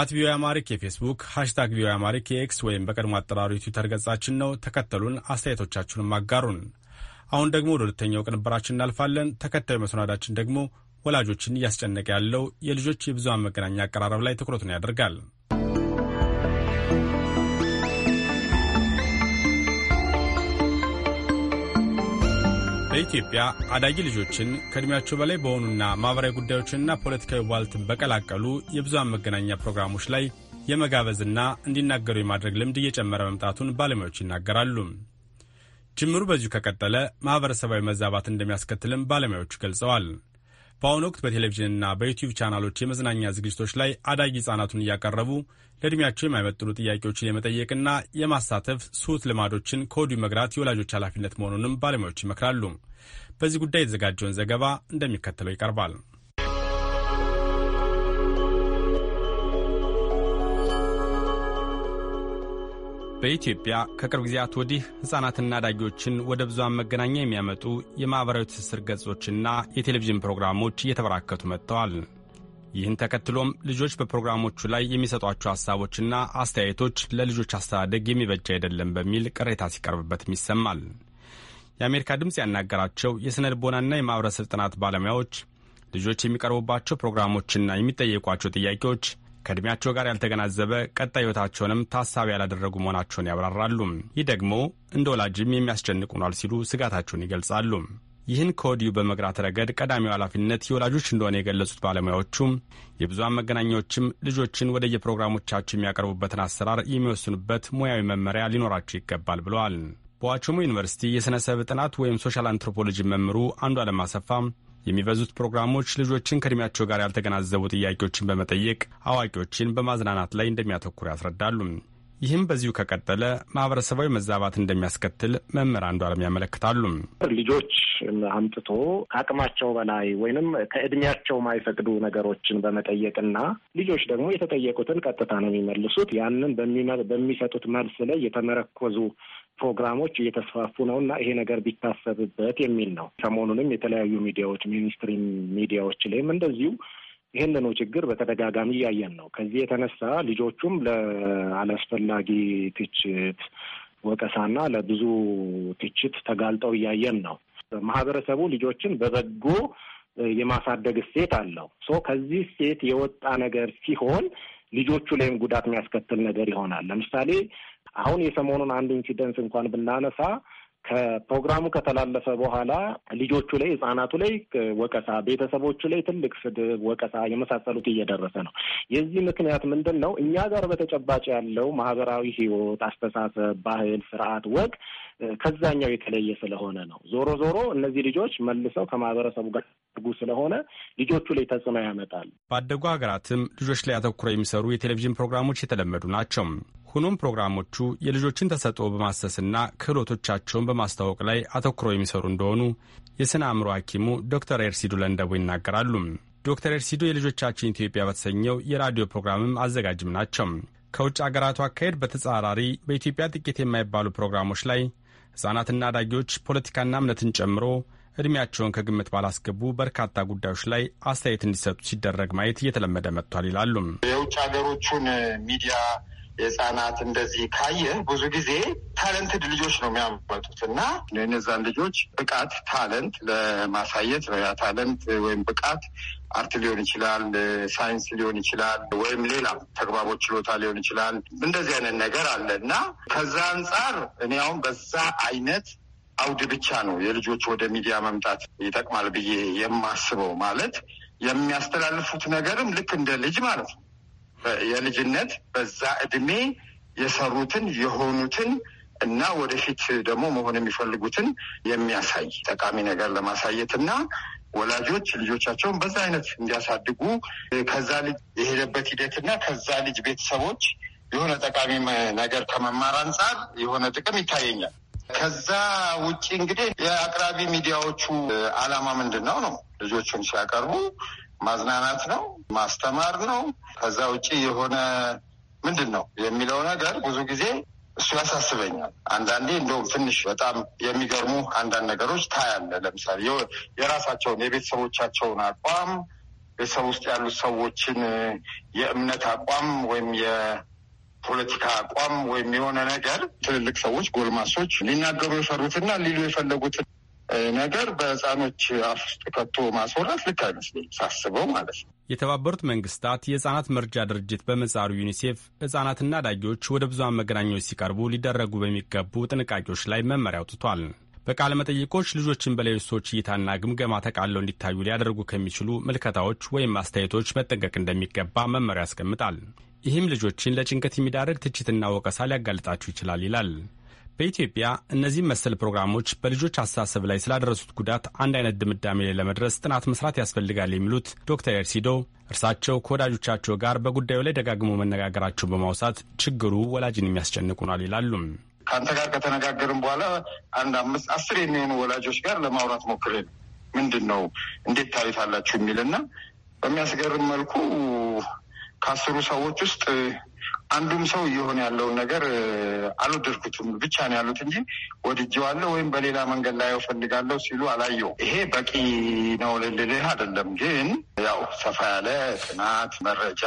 አት ቪኦኤ አማሪክ የፌስቡክ ሃሽታግ ቪኦኤ አማሪክ የኤክስ ወይም በቀድሞ አጠራሩ የትዊተር ገጻችን ነው። ተከተሉን፣ አስተያየቶቻችሁንም አጋሩን። አሁን ደግሞ ወደ ሁለተኛው ቅንብራችን እናልፋለን። ተከታዩ መሰናዳችን ደግሞ ወላጆችን እያስጨነቀ ያለው የልጆች የብዙሃን መገናኛ አቀራረብ ላይ ትኩረቱን ያደርጋል። በኢትዮጵያ አዳጊ ልጆችን ከእድሜያቸው በላይ በሆኑና ማኅበራዊ ጉዳዮችንና ፖለቲካዊ ቧልትን በቀላቀሉ የብዙሃን መገናኛ ፕሮግራሞች ላይ የመጋበዝና እንዲናገሩ የማድረግ ልምድ እየጨመረ መምጣቱን ባለሙያዎች ይናገራሉ። ጅምሩ በዚሁ ከቀጠለ ማህበረሰባዊ መዛባት እንደሚያስከትልም ባለሙያዎቹ ገልጸዋል። በአሁኑ ወቅት በቴሌቪዥንና በዩቲዩብ ቻናሎች የመዝናኛ ዝግጅቶች ላይ አዳጊ ህጻናቱን እያቀረቡ ለዕድሜያቸው የማይመጥኑ ጥያቄዎችን የመጠየቅና የማሳተፍ ስሁት ልማዶችን ከወዲሁ መግራት የወላጆች ኃላፊነት መሆኑንም ባለሙያዎች ይመክራሉ። በዚህ ጉዳይ የተዘጋጀውን ዘገባ እንደሚከተለው ይቀርባል። በኢትዮጵያ ከቅርብ ጊዜያት ወዲህ ሕፃናትና አዳጊዎችን ወደ ብዙሃን መገናኛ የሚያመጡ የማኅበራዊ ትስስር ገጾችና የቴሌቪዥን ፕሮግራሞች እየተበራከቱ መጥተዋል። ይህን ተከትሎም ልጆች በፕሮግራሞቹ ላይ የሚሰጧቸው ሐሳቦችና አስተያየቶች ለልጆች አስተዳደግ የሚበጃ አይደለም በሚል ቅሬታ ሲቀርብበትም ይሰማል። የአሜሪካ ድምፅ ያናገራቸው የሥነ ልቦናና የማኅበረሰብ ጥናት ባለሙያዎች ልጆች የሚቀርቡባቸው ፕሮግራሞችና የሚጠየቋቸው ጥያቄዎች ከእድሜያቸው ጋር ያልተገናዘበ ቀጣይ ሕይወታቸውንም ታሳቢ ያላደረጉ መሆናቸውን ያብራራሉ። ይህ ደግሞ እንደ ወላጅም የሚያስጨንቅ ሆኗል ሲሉ ስጋታቸውን ይገልጻሉ። ይህን ከወዲሁ በመግራት ረገድ ቀዳሚው ኃላፊነት የወላጆች እንደሆነ የገለጹት ባለሙያዎቹም የብዙሃን መገናኛዎችም ልጆችን ወደ የፕሮግራሞቻቸው የሚያቀርቡበትን አሰራር የሚወስኑበት ሙያዊ መመሪያ ሊኖራቸው ይገባል ብለዋል። በዋቸሞ ዩኒቨርሲቲ የሥነ ሰብ ጥናት ወይም ሶሻል አንትሮፖሎጂ መምህሩ አንዱ አለማሰፋ የሚበዙት ፕሮግራሞች ልጆችን ከእድሜያቸው ጋር ያልተገናዘቡ ጥያቄዎችን በመጠየቅ አዋቂዎችን በማዝናናት ላይ እንደሚያተኩር ያስረዳሉ። ይህም በዚሁ ከቀጠለ ማህበረሰባዊ መዛባት እንደሚያስከትል መምህር አንዱ አለም ያመለክታሉ። ልጆች አምጥቶ ከአቅማቸው በላይ ወይንም ከእድሜያቸው ማይፈቅዱ ነገሮችን በመጠየቅና ልጆች ደግሞ የተጠየቁትን ቀጥታ ነው የሚመልሱት። ያንን በሚሰጡት መልስ ላይ የተመረኮዙ ፕሮግራሞች እየተስፋፉ ነው እና ይሄ ነገር ቢታሰብበት የሚል ነው። ሰሞኑንም የተለያዩ ሚዲያዎች ሚኒስትሪ ሚዲያዎች ላይም እንደዚሁ ይህንኑ ችግር በተደጋጋሚ እያየን ነው። ከዚህ የተነሳ ልጆቹም ለአላስፈላጊ ትችት ወቀሳና ለብዙ ትችት ተጋልጠው እያየን ነው። ማህበረሰቡ ልጆችን በበጎ የማሳደግ እሴት አለው። ሶ ከዚህ እሴት የወጣ ነገር ሲሆን ልጆቹ ላይም ጉዳት የሚያስከትል ነገር ይሆናል። ለምሳሌ አሁን የሰሞኑን አንድ ኢንሲደንስ እንኳን ብናነሳ ከፕሮግራሙ ከተላለፈ በኋላ ልጆቹ ላይ ህጻናቱ ላይ ወቀሳ፣ ቤተሰቦቹ ላይ ትልቅ ስድብ፣ ወቀሳ የመሳሰሉት እየደረሰ ነው። የዚህ ምክንያት ምንድን ነው? እኛ ጋር በተጨባጭ ያለው ማህበራዊ ህይወት፣ አስተሳሰብ፣ ባህል፣ ስርዓት፣ ወግ ከዛኛው የተለየ ስለሆነ ነው። ዞሮ ዞሮ እነዚህ ልጆች መልሰው ከማህበረሰቡ ጋር ያደርጉ ስለሆነ ልጆቹ ላይ ተጽዕኖ ያመጣል። ባደጉ ሀገራትም ልጆች ላይ አተኩረው የሚሰሩ የቴሌቪዥን ፕሮግራሞች የተለመዱ ናቸው። ሆኖም ፕሮግራሞቹ የልጆችን ተሰጥኦ በማሰስና ክህሎቶቻቸውን በማስተዋወቅ ላይ አተኩሮ የሚሰሩ እንደሆኑ የሥነ አእምሮ ሐኪሙ ዶክተር ኤርሲዱ ለንደቡ ይናገራሉ። ዶክተር ኤርሲዱ የልጆቻችን ኢትዮጵያ በተሰኘው የራዲዮ ፕሮግራምም አዘጋጅም ናቸው። ከውጭ አገራቱ አካሄድ በተጻራሪ በኢትዮጵያ ጥቂት የማይባሉ ፕሮግራሞች ላይ ሕፃናትና አዳጊዎች ፖለቲካና እምነትን ጨምሮ ዕድሜያቸውን ከግምት ባላስገቡ በርካታ ጉዳዮች ላይ አስተያየት እንዲሰጡ ሲደረግ ማየት እየተለመደ መጥቷል ይላሉ። የውጭ ሀገሮቹን ሚዲያ የህጻናት እንደዚህ ካየ ብዙ ጊዜ ታለንትድ ልጆች ነው የሚያመጡት እና እነዛን ልጆች ብቃት ታለንት ለማሳየት ነው ያ ታለንት ወይም ብቃት አርት ሊሆን ይችላል፣ ሳይንስ ሊሆን ይችላል፣ ወይም ሌላ ተግባቦች ችሎታ ሊሆን ይችላል። እንደዚህ አይነት ነገር አለ እና ከዛ አንጻር እኔ አሁን በዛ አይነት አውድ ብቻ ነው የልጆች ወደ ሚዲያ መምጣት ይጠቅማል ብዬ የማስበው ማለት የሚያስተላልፉት ነገርም ልክ እንደ ልጅ ማለት ነው የልጅነት በዛ እድሜ የሰሩትን የሆኑትን እና ወደፊት ደግሞ መሆን የሚፈልጉትን የሚያሳይ ጠቃሚ ነገር ለማሳየት እና ወላጆች ልጆቻቸውን በዛ አይነት እንዲያሳድጉ ከዛ ልጅ የሄደበት ሂደት እና ከዛ ልጅ ቤተሰቦች የሆነ ጠቃሚ ነገር ከመማር አንጻር የሆነ ጥቅም ይታየኛል። ከዛ ውጭ እንግዲህ የአቅራቢ ሚዲያዎቹ ዓላማ ምንድን ነው ነው ልጆቹን ሲያቀርቡ ማዝናናት ነው፣ ማስተማር ነው። ከዛ ውጭ የሆነ ምንድን ነው የሚለው ነገር ብዙ ጊዜ እሱ ያሳስበኛል። አንዳንዴ እንደውም ትንሽ በጣም የሚገርሙ አንዳንድ ነገሮች ታያለ። ለምሳሌ የራሳቸውን የቤተሰቦቻቸውን አቋም ቤተሰብ ውስጥ ያሉ ሰዎችን የእምነት አቋም ወይም የፖለቲካ አቋም ወይም የሆነ ነገር ትልልቅ ሰዎች ጎልማሶች ሊናገሩ የፈሩትና ሊሉ የፈለጉትን ነገር በህፃኖች አፍ ውስጥ ከቶ ማስወራት ልክ አይመስለኝ ሳስበው ማለት ነው። የተባበሩት መንግስታት የህጻናት መርጃ ድርጅት በመጻሩ ዩኒሴፍ ህጻናትና አዳጊዎች ወደ ብዙሃን መገናኛዎች ሲቀርቡ ሊደረጉ በሚገቡ ጥንቃቄዎች ላይ መመሪያ አውጥቷል። በቃለ መጠይቆች ልጆችን በሌሎች ሰዎች እይታና ግምገማ ተቃለው እንዲታዩ ሊያደርጉ ከሚችሉ ምልከታዎች ወይም አስተያየቶች መጠንቀቅ እንደሚገባ መመሪያ ያስቀምጣል። ይህም ልጆችን ለጭንቀት የሚዳርግ ትችትና ወቀሳ ሊያጋልጣችሁ ይችላል ይላል። በኢትዮጵያ እነዚህ መሰል ፕሮግራሞች በልጆች አስተሳሰብ ላይ ስላደረሱት ጉዳት አንድ አይነት ድምዳሜ ላይ ለመድረስ ጥናት መስራት ያስፈልጋል የሚሉት ዶክተር ኤርሲዶ እርሳቸው ከወዳጆቻቸው ጋር በጉዳዩ ላይ ደጋግሞ መነጋገራቸው በማውሳት ችግሩ ወላጅን የሚያስጨንቁናል ይላሉም። ከአንተ ጋር ከተነጋገርም በኋላ አንድ አምስት አስር የሚሆኑ ወላጆች ጋር ለማውራት ሞክሬ ምንድን ነው እንዴት ታዩታላችሁ የሚልና በሚያስገርም መልኩ ከአስሩ ሰዎች ውስጥ አንዱም ሰው እየሆነ ያለውን ነገር አልወደድኩትም ብቻ ነው ያሉት እንጂ ወድጀዋለሁ ወይም በሌላ መንገድ ላይ ፈልጋለሁ ሲሉ አላየው። ይሄ በቂ ነው ልልህ አይደለም፣ ግን ያው ሰፋ ያለ ጥናት መረጃ፣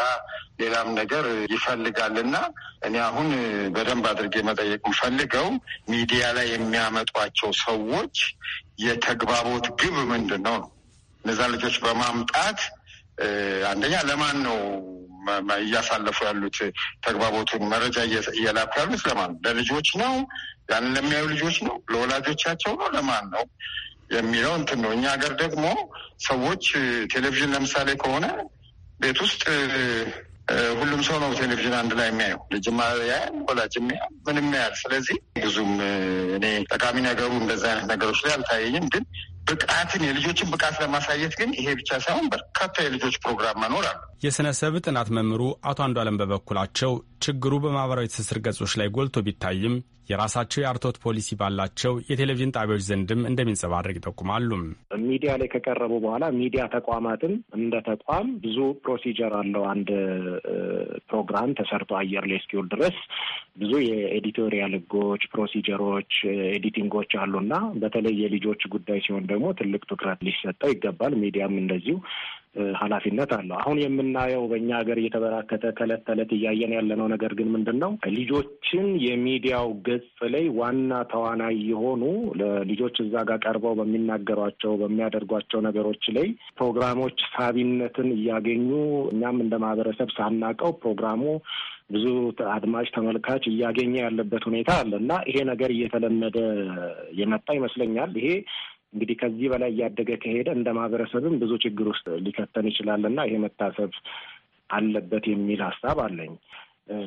ሌላም ነገር ይፈልጋልና እኔ አሁን በደንብ አድርጌ መጠየቅ ፈልገው ሚዲያ ላይ የሚያመጧቸው ሰዎች የተግባቦት ግብ ምንድን ነው ነው እነዛ ልጆች በማምጣት አንደኛ ለማን ነው እያሳለፉ ያሉት ተግባቦቱን መረጃ እየላኩ ያሉት ለማን ነው? ለልጆች ነው? ያንን ለሚያዩ ልጆች ነው? ለወላጆቻቸው ነው? ለማን ነው የሚለው እንትን ነው። እኛ ሀገር ደግሞ ሰዎች ቴሌቪዥን ለምሳሌ ከሆነ ቤት ውስጥ ሁሉም ሰው ነው ቴሌቪዥን አንድ ላይ የሚያየው። ልጅማ ያያል፣ ወላጅም ያያል፣ ምንም ያያል። ስለዚህ ብዙም እኔ ጠቃሚ ነገሩ እንደዚ አይነት ነገሮች ላይ አልታየኝም። ግን ብቃትን የልጆችን ብቃት ለማሳየት ግን ይሄ ብቻ ሳይሆን በርካታ የልጆች ፕሮግራም መኖር አለ። የሥነ ሰብ ጥናት መምህሩ አቶ አንዱ አለም በበኩላቸው ችግሩ በማህበራዊ ትስስር ገጾች ላይ ጎልቶ ቢታይም የራሳቸው የአርቶት ፖሊሲ ባላቸው የቴሌቪዥን ጣቢያዎች ዘንድም እንደሚንጸባረቅ ይጠቁማሉ። ሚዲያ ላይ ከቀረቡ በኋላ ሚዲያ ተቋማትም እንደ ተቋም ብዙ ፕሮሲጀር አለው። አንድ ፕሮግራም ተሰርቶ አየር ላይ እስኪውል ድረስ ብዙ የኤዲቶሪያል ህጎች፣ ፕሮሲጀሮች፣ ኤዲቲንጎች አሉና በተለይ የልጆች ጉዳይ ሲሆን ደግሞ ትልቅ ትኩረት ሊሰጠው ይገባል። ሚዲያም እንደዚሁ ኃላፊነት አለው። አሁን የምናየው በእኛ ሀገር እየተበራከተ ከእለት ተለት እያየን ያለነው ነገር ግን ምንድን ነው? ልጆችን የሚዲያው ገጽ ላይ ዋና ተዋናይ የሆኑ ለልጆች እዛ ጋር ቀርበው በሚናገሯቸው በሚያደርጓቸው ነገሮች ላይ ፕሮግራሞች ሳቢነትን እያገኙ እኛም እንደ ማህበረሰብ ሳናቀው ፕሮግራሙ ብዙ አድማጭ ተመልካች እያገኘ ያለበት ሁኔታ አለ እና ይሄ ነገር እየተለመደ የመጣ ይመስለኛል። ይሄ እንግዲህ ከዚህ በላይ እያደገ ከሄደ እንደ ማህበረሰብም ብዙ ችግር ውስጥ ሊከተን ይችላል እና ይሄ መታሰብ አለበት የሚል ሀሳብ አለኝ።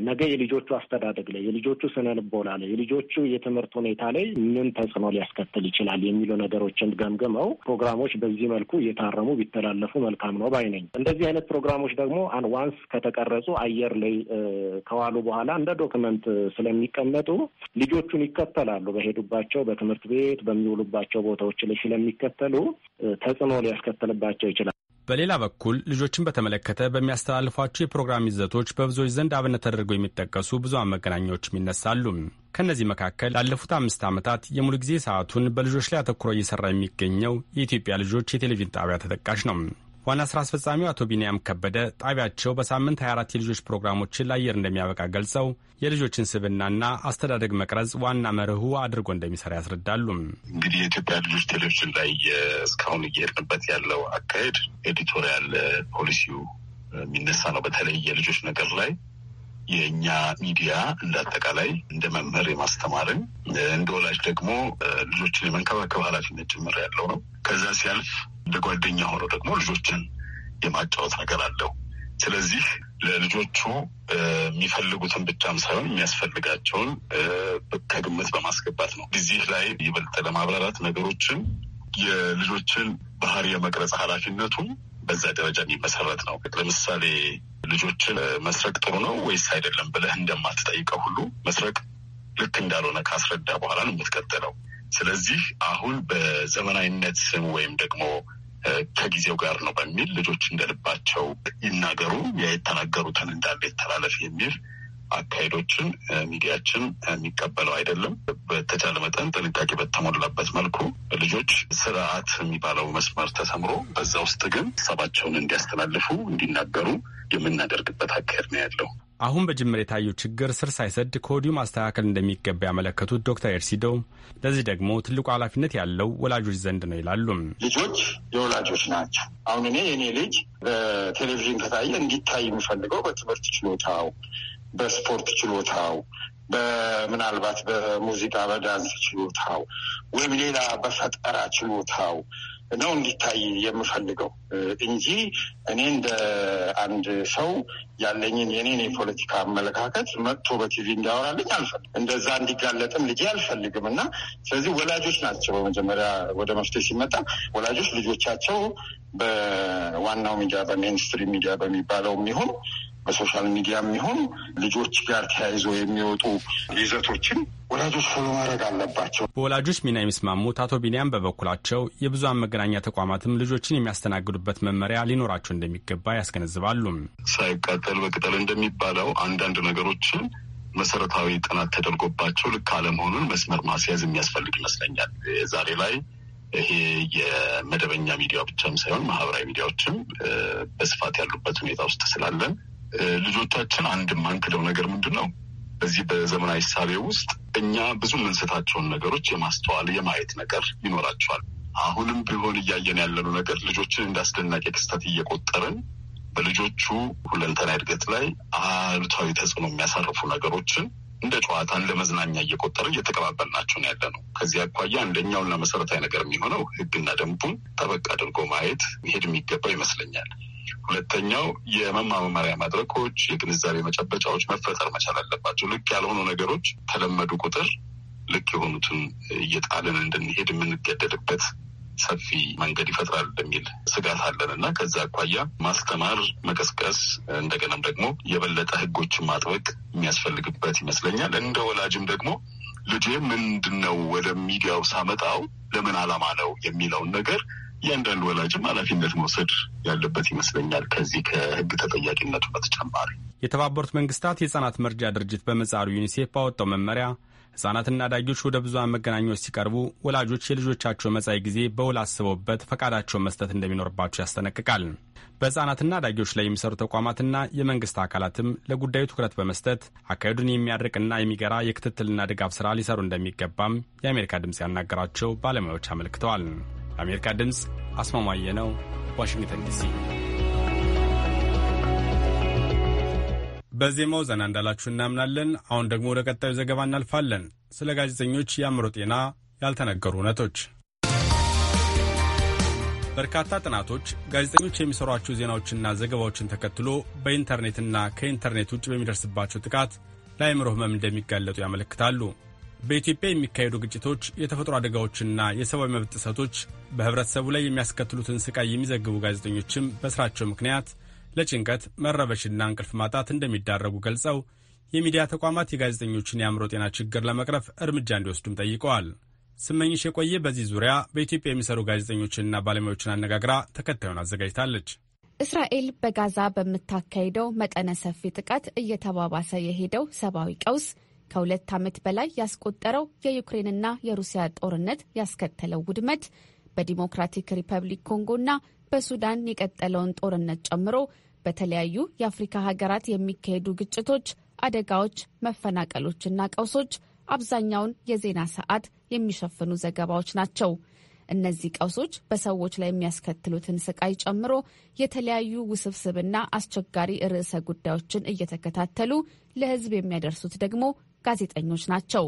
ነገ የልጆቹ አስተዳደግ ላይ፣ የልጆቹ ስነ ልቦና ላይ፣ የልጆቹ የትምህርት ሁኔታ ላይ ምን ተጽዕኖ ሊያስከትል ይችላል የሚሉ ነገሮችን ገምግመው ፕሮግራሞች በዚህ መልኩ እየታረሙ ቢተላለፉ መልካም ነው ባይ ነኝ። እንደዚህ አይነት ፕሮግራሞች ደግሞ አንዋንስ ከተቀረጹ አየር ላይ ከዋሉ በኋላ እንደ ዶክመንት ስለሚቀመጡ ልጆቹን ይከተላሉ። በሄዱባቸው በትምህርት ቤት በሚውሉባቸው ቦታዎች ላይ ስለሚከተሉ ተጽዕኖ ሊያስከትልባቸው ይችላል። በሌላ በኩል ልጆችን በተመለከተ በሚያስተላልፏቸው የፕሮግራም ይዘቶች በብዙዎች ዘንድ አብነት ተደርገው የሚጠቀሱ ብዙሃን መገናኛዎችም ይነሳሉ። ከእነዚህ መካከል ላለፉት አምስት ዓመታት የሙሉ ጊዜ ሰዓቱን በልጆች ላይ አተኩሮ እየሰራ የሚገኘው የኢትዮጵያ ልጆች የቴሌቪዥን ጣቢያ ተጠቃሽ ነው። ዋና ስራ አስፈጻሚው አቶ ቢንያም ከበደ ጣቢያቸው በሳምንት 24 የልጆች ፕሮግራሞችን ለአየር እንደሚያበቃ ገልጸው የልጆችን ስብናና አስተዳደግ መቅረጽ ዋና መርሁ አድርጎ እንደሚሰራ ያስረዳሉ። እንግዲህ የኢትዮጵያ ልጆች ቴሌቪዥን ላይ እስካሁን እየሄድንበት ያለው አካሄድ ኤዲቶሪያል ፖሊሲው የሚነሳ ነው። በተለይ የልጆች ነገር ላይ የእኛ ሚዲያ እንደ አጠቃላይ እንደ መምህር የማስተማርን እንደ ወላጅ ደግሞ ልጆችን የመንከባከብ ኃላፊነት ጭምር ያለው ነው። ከዛ ሲያልፍ እንደ ጓደኛ ሆኖ ደግሞ ልጆችን የማጫወት ነገር አለው። ስለዚህ ለልጆቹ የሚፈልጉትን ብቻም ሳይሆን የሚያስፈልጋቸውን ከግምት በማስገባት ነው። እዚህ ላይ ይበልጥ ለማብራራት ነገሮችን የልጆችን ባህሪ የመቅረጽ ኃላፊነቱን በዛ ደረጃ የሚመሰረት ነው። ለምሳሌ ልጆችን መስረቅ ጥሩ ነው ወይስ አይደለም ብለህ እንደማትጠይቀው ሁሉ መስረቅ ልክ እንዳልሆነ ካስረዳ በኋላ ነው የምትቀጥለው። ስለዚህ አሁን በዘመናዊነት ስም ወይም ደግሞ ከጊዜው ጋር ነው በሚል ልጆች እንደልባቸው ይናገሩ፣ የተናገሩትን እንዳለ ይተላለፍ የሚል አካሄዶችን ሚዲያችን የሚቀበለው አይደለም። በተቻለ መጠን ጥንቃቄ በተሞላበት መልኩ ልጆች ስርዓት የሚባለው መስመር ተሰምሮ በዛ ውስጥ ግን ሀሳባቸውን እንዲያስተላልፉ እንዲናገሩ የምናደርግበት አካሄድ ነው ያለው። አሁን በጅምር የታየው ችግር ስር ሳይሰድ ከወዲሁ ማስተካከል እንደሚገባ ያመለከቱት ዶክተር ኤርሲዶው ለዚህ ደግሞ ትልቁ ኃላፊነት ያለው ወላጆች ዘንድ ነው ይላሉም። ልጆች የወላጆች ናቸው። አሁን እኔ የእኔ ልጅ በቴሌቪዥን ከታየ እንዲታይ የሚፈልገው በትምህርት ችሎታው በስፖርት ችሎታው በምናልባት በሙዚቃ በዳንስ ችሎታው ወይም ሌላ በፈጠራ ችሎታው ነው እንዲታይ የምፈልገው እንጂ እኔ እንደ አንድ ሰው ያለኝን የኔን የፖለቲካ አመለካከት መጥቶ በቲቪ እንዲያወራልኝ አልፈልግም። እንደዛ እንዲጋለጥም ልጄ አልፈልግም እና ስለዚህ ወላጆች ናቸው በመጀመሪያ ወደ መፍትሄ ሲመጣ ወላጆች ልጆቻቸው በዋናው ሚዲያ በሜንስትሪም ሚዲያ በሚባለው የሚሆን በሶሻል ሚዲያ የሚሆን ልጆች ጋር ተያይዞ የሚወጡ ይዘቶችን ወላጆች ፎሎ ማድረግ አለባቸው። በወላጆች ሚና የሚስማሙት አቶ ቢንያም በበኩላቸው የብዙሃን መገናኛ ተቋማትም ልጆችን የሚያስተናግዱበት መመሪያ ሊኖራቸው እንደሚገባ ያስገነዝባሉ። ሳይቃጠል በቅጠል እንደሚባለው አንዳንድ ነገሮችን መሰረታዊ ጥናት ተደርጎባቸው ልክ አለመሆኑን መስመር ማስያዝ የሚያስፈልግ ይመስለኛል። ዛሬ ላይ ይሄ የመደበኛ ሚዲያ ብቻም ሳይሆን ማህበራዊ ሚዲያዎችም በስፋት ያሉበት ሁኔታ ውስጥ ስላለን ልጆቻችን አንድ የማንክደው ነገር ምንድን ነው? በዚህ በዘመናዊ ሳቤ ውስጥ እኛ ብዙ የምንሰታቸውን ነገሮች የማስተዋል የማየት ነገር ይኖራቸዋል። አሁንም ቢሆን እያየን ያለነው ነገር ልጆችን አስደናቂ ክስተት እየቆጠርን በልጆቹ ሁለንተና እድገት ላይ አሉታዊ ተጽዕኖ የሚያሳርፉ ነገሮችን እንደ ጨዋታ እንደ መዝናኛ እየቆጠርን እየተቀባበልናቸው ያለ ነው። ከዚህ አኳያ አንደኛውና መሰረታዊ ነገር የሚሆነው ሕግና ደንቡን ጠበቅ አድርጎ ማየት መሄድ የሚገባው ይመስለኛል። ሁለተኛው የመማመሪያ መድረኮች፣ የግንዛቤ መጨበጫዎች መፈጠር መቻል አለባቸው። ልክ ያልሆኑ ነገሮች ተለመዱ ቁጥር ልክ የሆኑትን እየጣልን እንድንሄድ የምንገደድበት ሰፊ መንገድ ይፈጥራል የሚል ስጋት አለን እና ከዛ አኳያ ማስተማር፣ መቀስቀስ እንደገናም ደግሞ የበለጠ ህጎችን ማጥበቅ የሚያስፈልግበት ይመስለኛል። እንደ ወላጅም ደግሞ ልጄ ምንድን ነው ወደ ሚዲያው ሳመጣው ለምን አላማ ነው የሚለውን ነገር እያንዳንዱ ወላጅም ኃላፊነት መውሰድ ያለበት ይመስለኛል። ከዚህ ከህግ ተጠያቂነቱ በተጨማሪ የተባበሩት መንግስታት የህጻናት መርጃ ድርጅት በምህጻሩ ዩኒሴፍ ባወጣው መመሪያ ህጻናትና አዳጊዎች ወደ ብዙሃን መገናኛዎች ሲቀርቡ ወላጆች የልጆቻቸው መጻኢ ጊዜ በውል አስበውበት ፈቃዳቸውን መስጠት እንደሚኖርባቸው ያስጠነቅቃል። በህጻናትና አዳጊዎች ላይ የሚሰሩ ተቋማትና የመንግስት አካላትም ለጉዳዩ ትኩረት በመስጠት አካሄዱን የሚያድርቅና የሚገራ የክትትልና ድጋፍ ስራ ሊሰሩ እንደሚገባም የአሜሪካ ድምፅ ያናገራቸው ባለሙያዎች አመልክተዋል። ለአሜሪካ ድምፅ አስማማየ ነው፣ ዋሽንግተን ዲሲ። በዜማው ዘና እንዳላችሁ እናምናለን። አሁን ደግሞ ወደ ቀጣዩ ዘገባ እናልፋለን። ስለ ጋዜጠኞች የአእምሮ ጤና ያልተነገሩ እውነቶች። በርካታ ጥናቶች ጋዜጠኞች የሚሰሯቸው ዜናዎችና ዘገባዎችን ተከትሎ በኢንተርኔትና ከኢንተርኔት ውጭ በሚደርስባቸው ጥቃት ለአእምሮ ሕመም እንደሚጋለጡ ያመለክታሉ። በኢትዮጵያ የሚካሄዱ ግጭቶች፣ የተፈጥሮ አደጋዎችና የሰብአዊ መብት ጥሰቶች በህብረተሰቡ ላይ የሚያስከትሉትን ስቃይ የሚዘግቡ ጋዜጠኞችም በስራቸው ምክንያት ለጭንቀት መረበሽና እንቅልፍ ማጣት እንደሚዳረጉ ገልጸው የሚዲያ ተቋማት የጋዜጠኞችን የአእምሮ ጤና ችግር ለመቅረፍ እርምጃ እንዲወስዱም ጠይቀዋል። ስመኝሽ የቆየ በዚህ ዙሪያ በኢትዮጵያ የሚሰሩ ጋዜጠኞችንና ባለሙያዎችን አነጋግራ ተከታዩን አዘጋጅታለች። እስራኤል በጋዛ በምታካሂደው መጠነ ሰፊ ጥቃት እየተባባሰ የሄደው ሰብአዊ ቀውስ ከሁለት ዓመት በላይ ያስቆጠረው የዩክሬንና የሩሲያ ጦርነት ያስከተለው ውድመት በዲሞክራቲክ ሪፐብሊክ ኮንጎና በሱዳን የቀጠለውን ጦርነት ጨምሮ በተለያዩ የአፍሪካ ሀገራት የሚካሄዱ ግጭቶች፣ አደጋዎች፣ መፈናቀሎችና ቀውሶች አብዛኛውን የዜና ሰዓት የሚሸፍኑ ዘገባዎች ናቸው። እነዚህ ቀውሶች በሰዎች ላይ የሚያስከትሉትን ስቃይ ጨምሮ የተለያዩ ውስብስብና አስቸጋሪ ርዕሰ ጉዳዮችን እየተከታተሉ ለሕዝብ የሚያደርሱት ደግሞ ጋዜጠኞች ናቸው።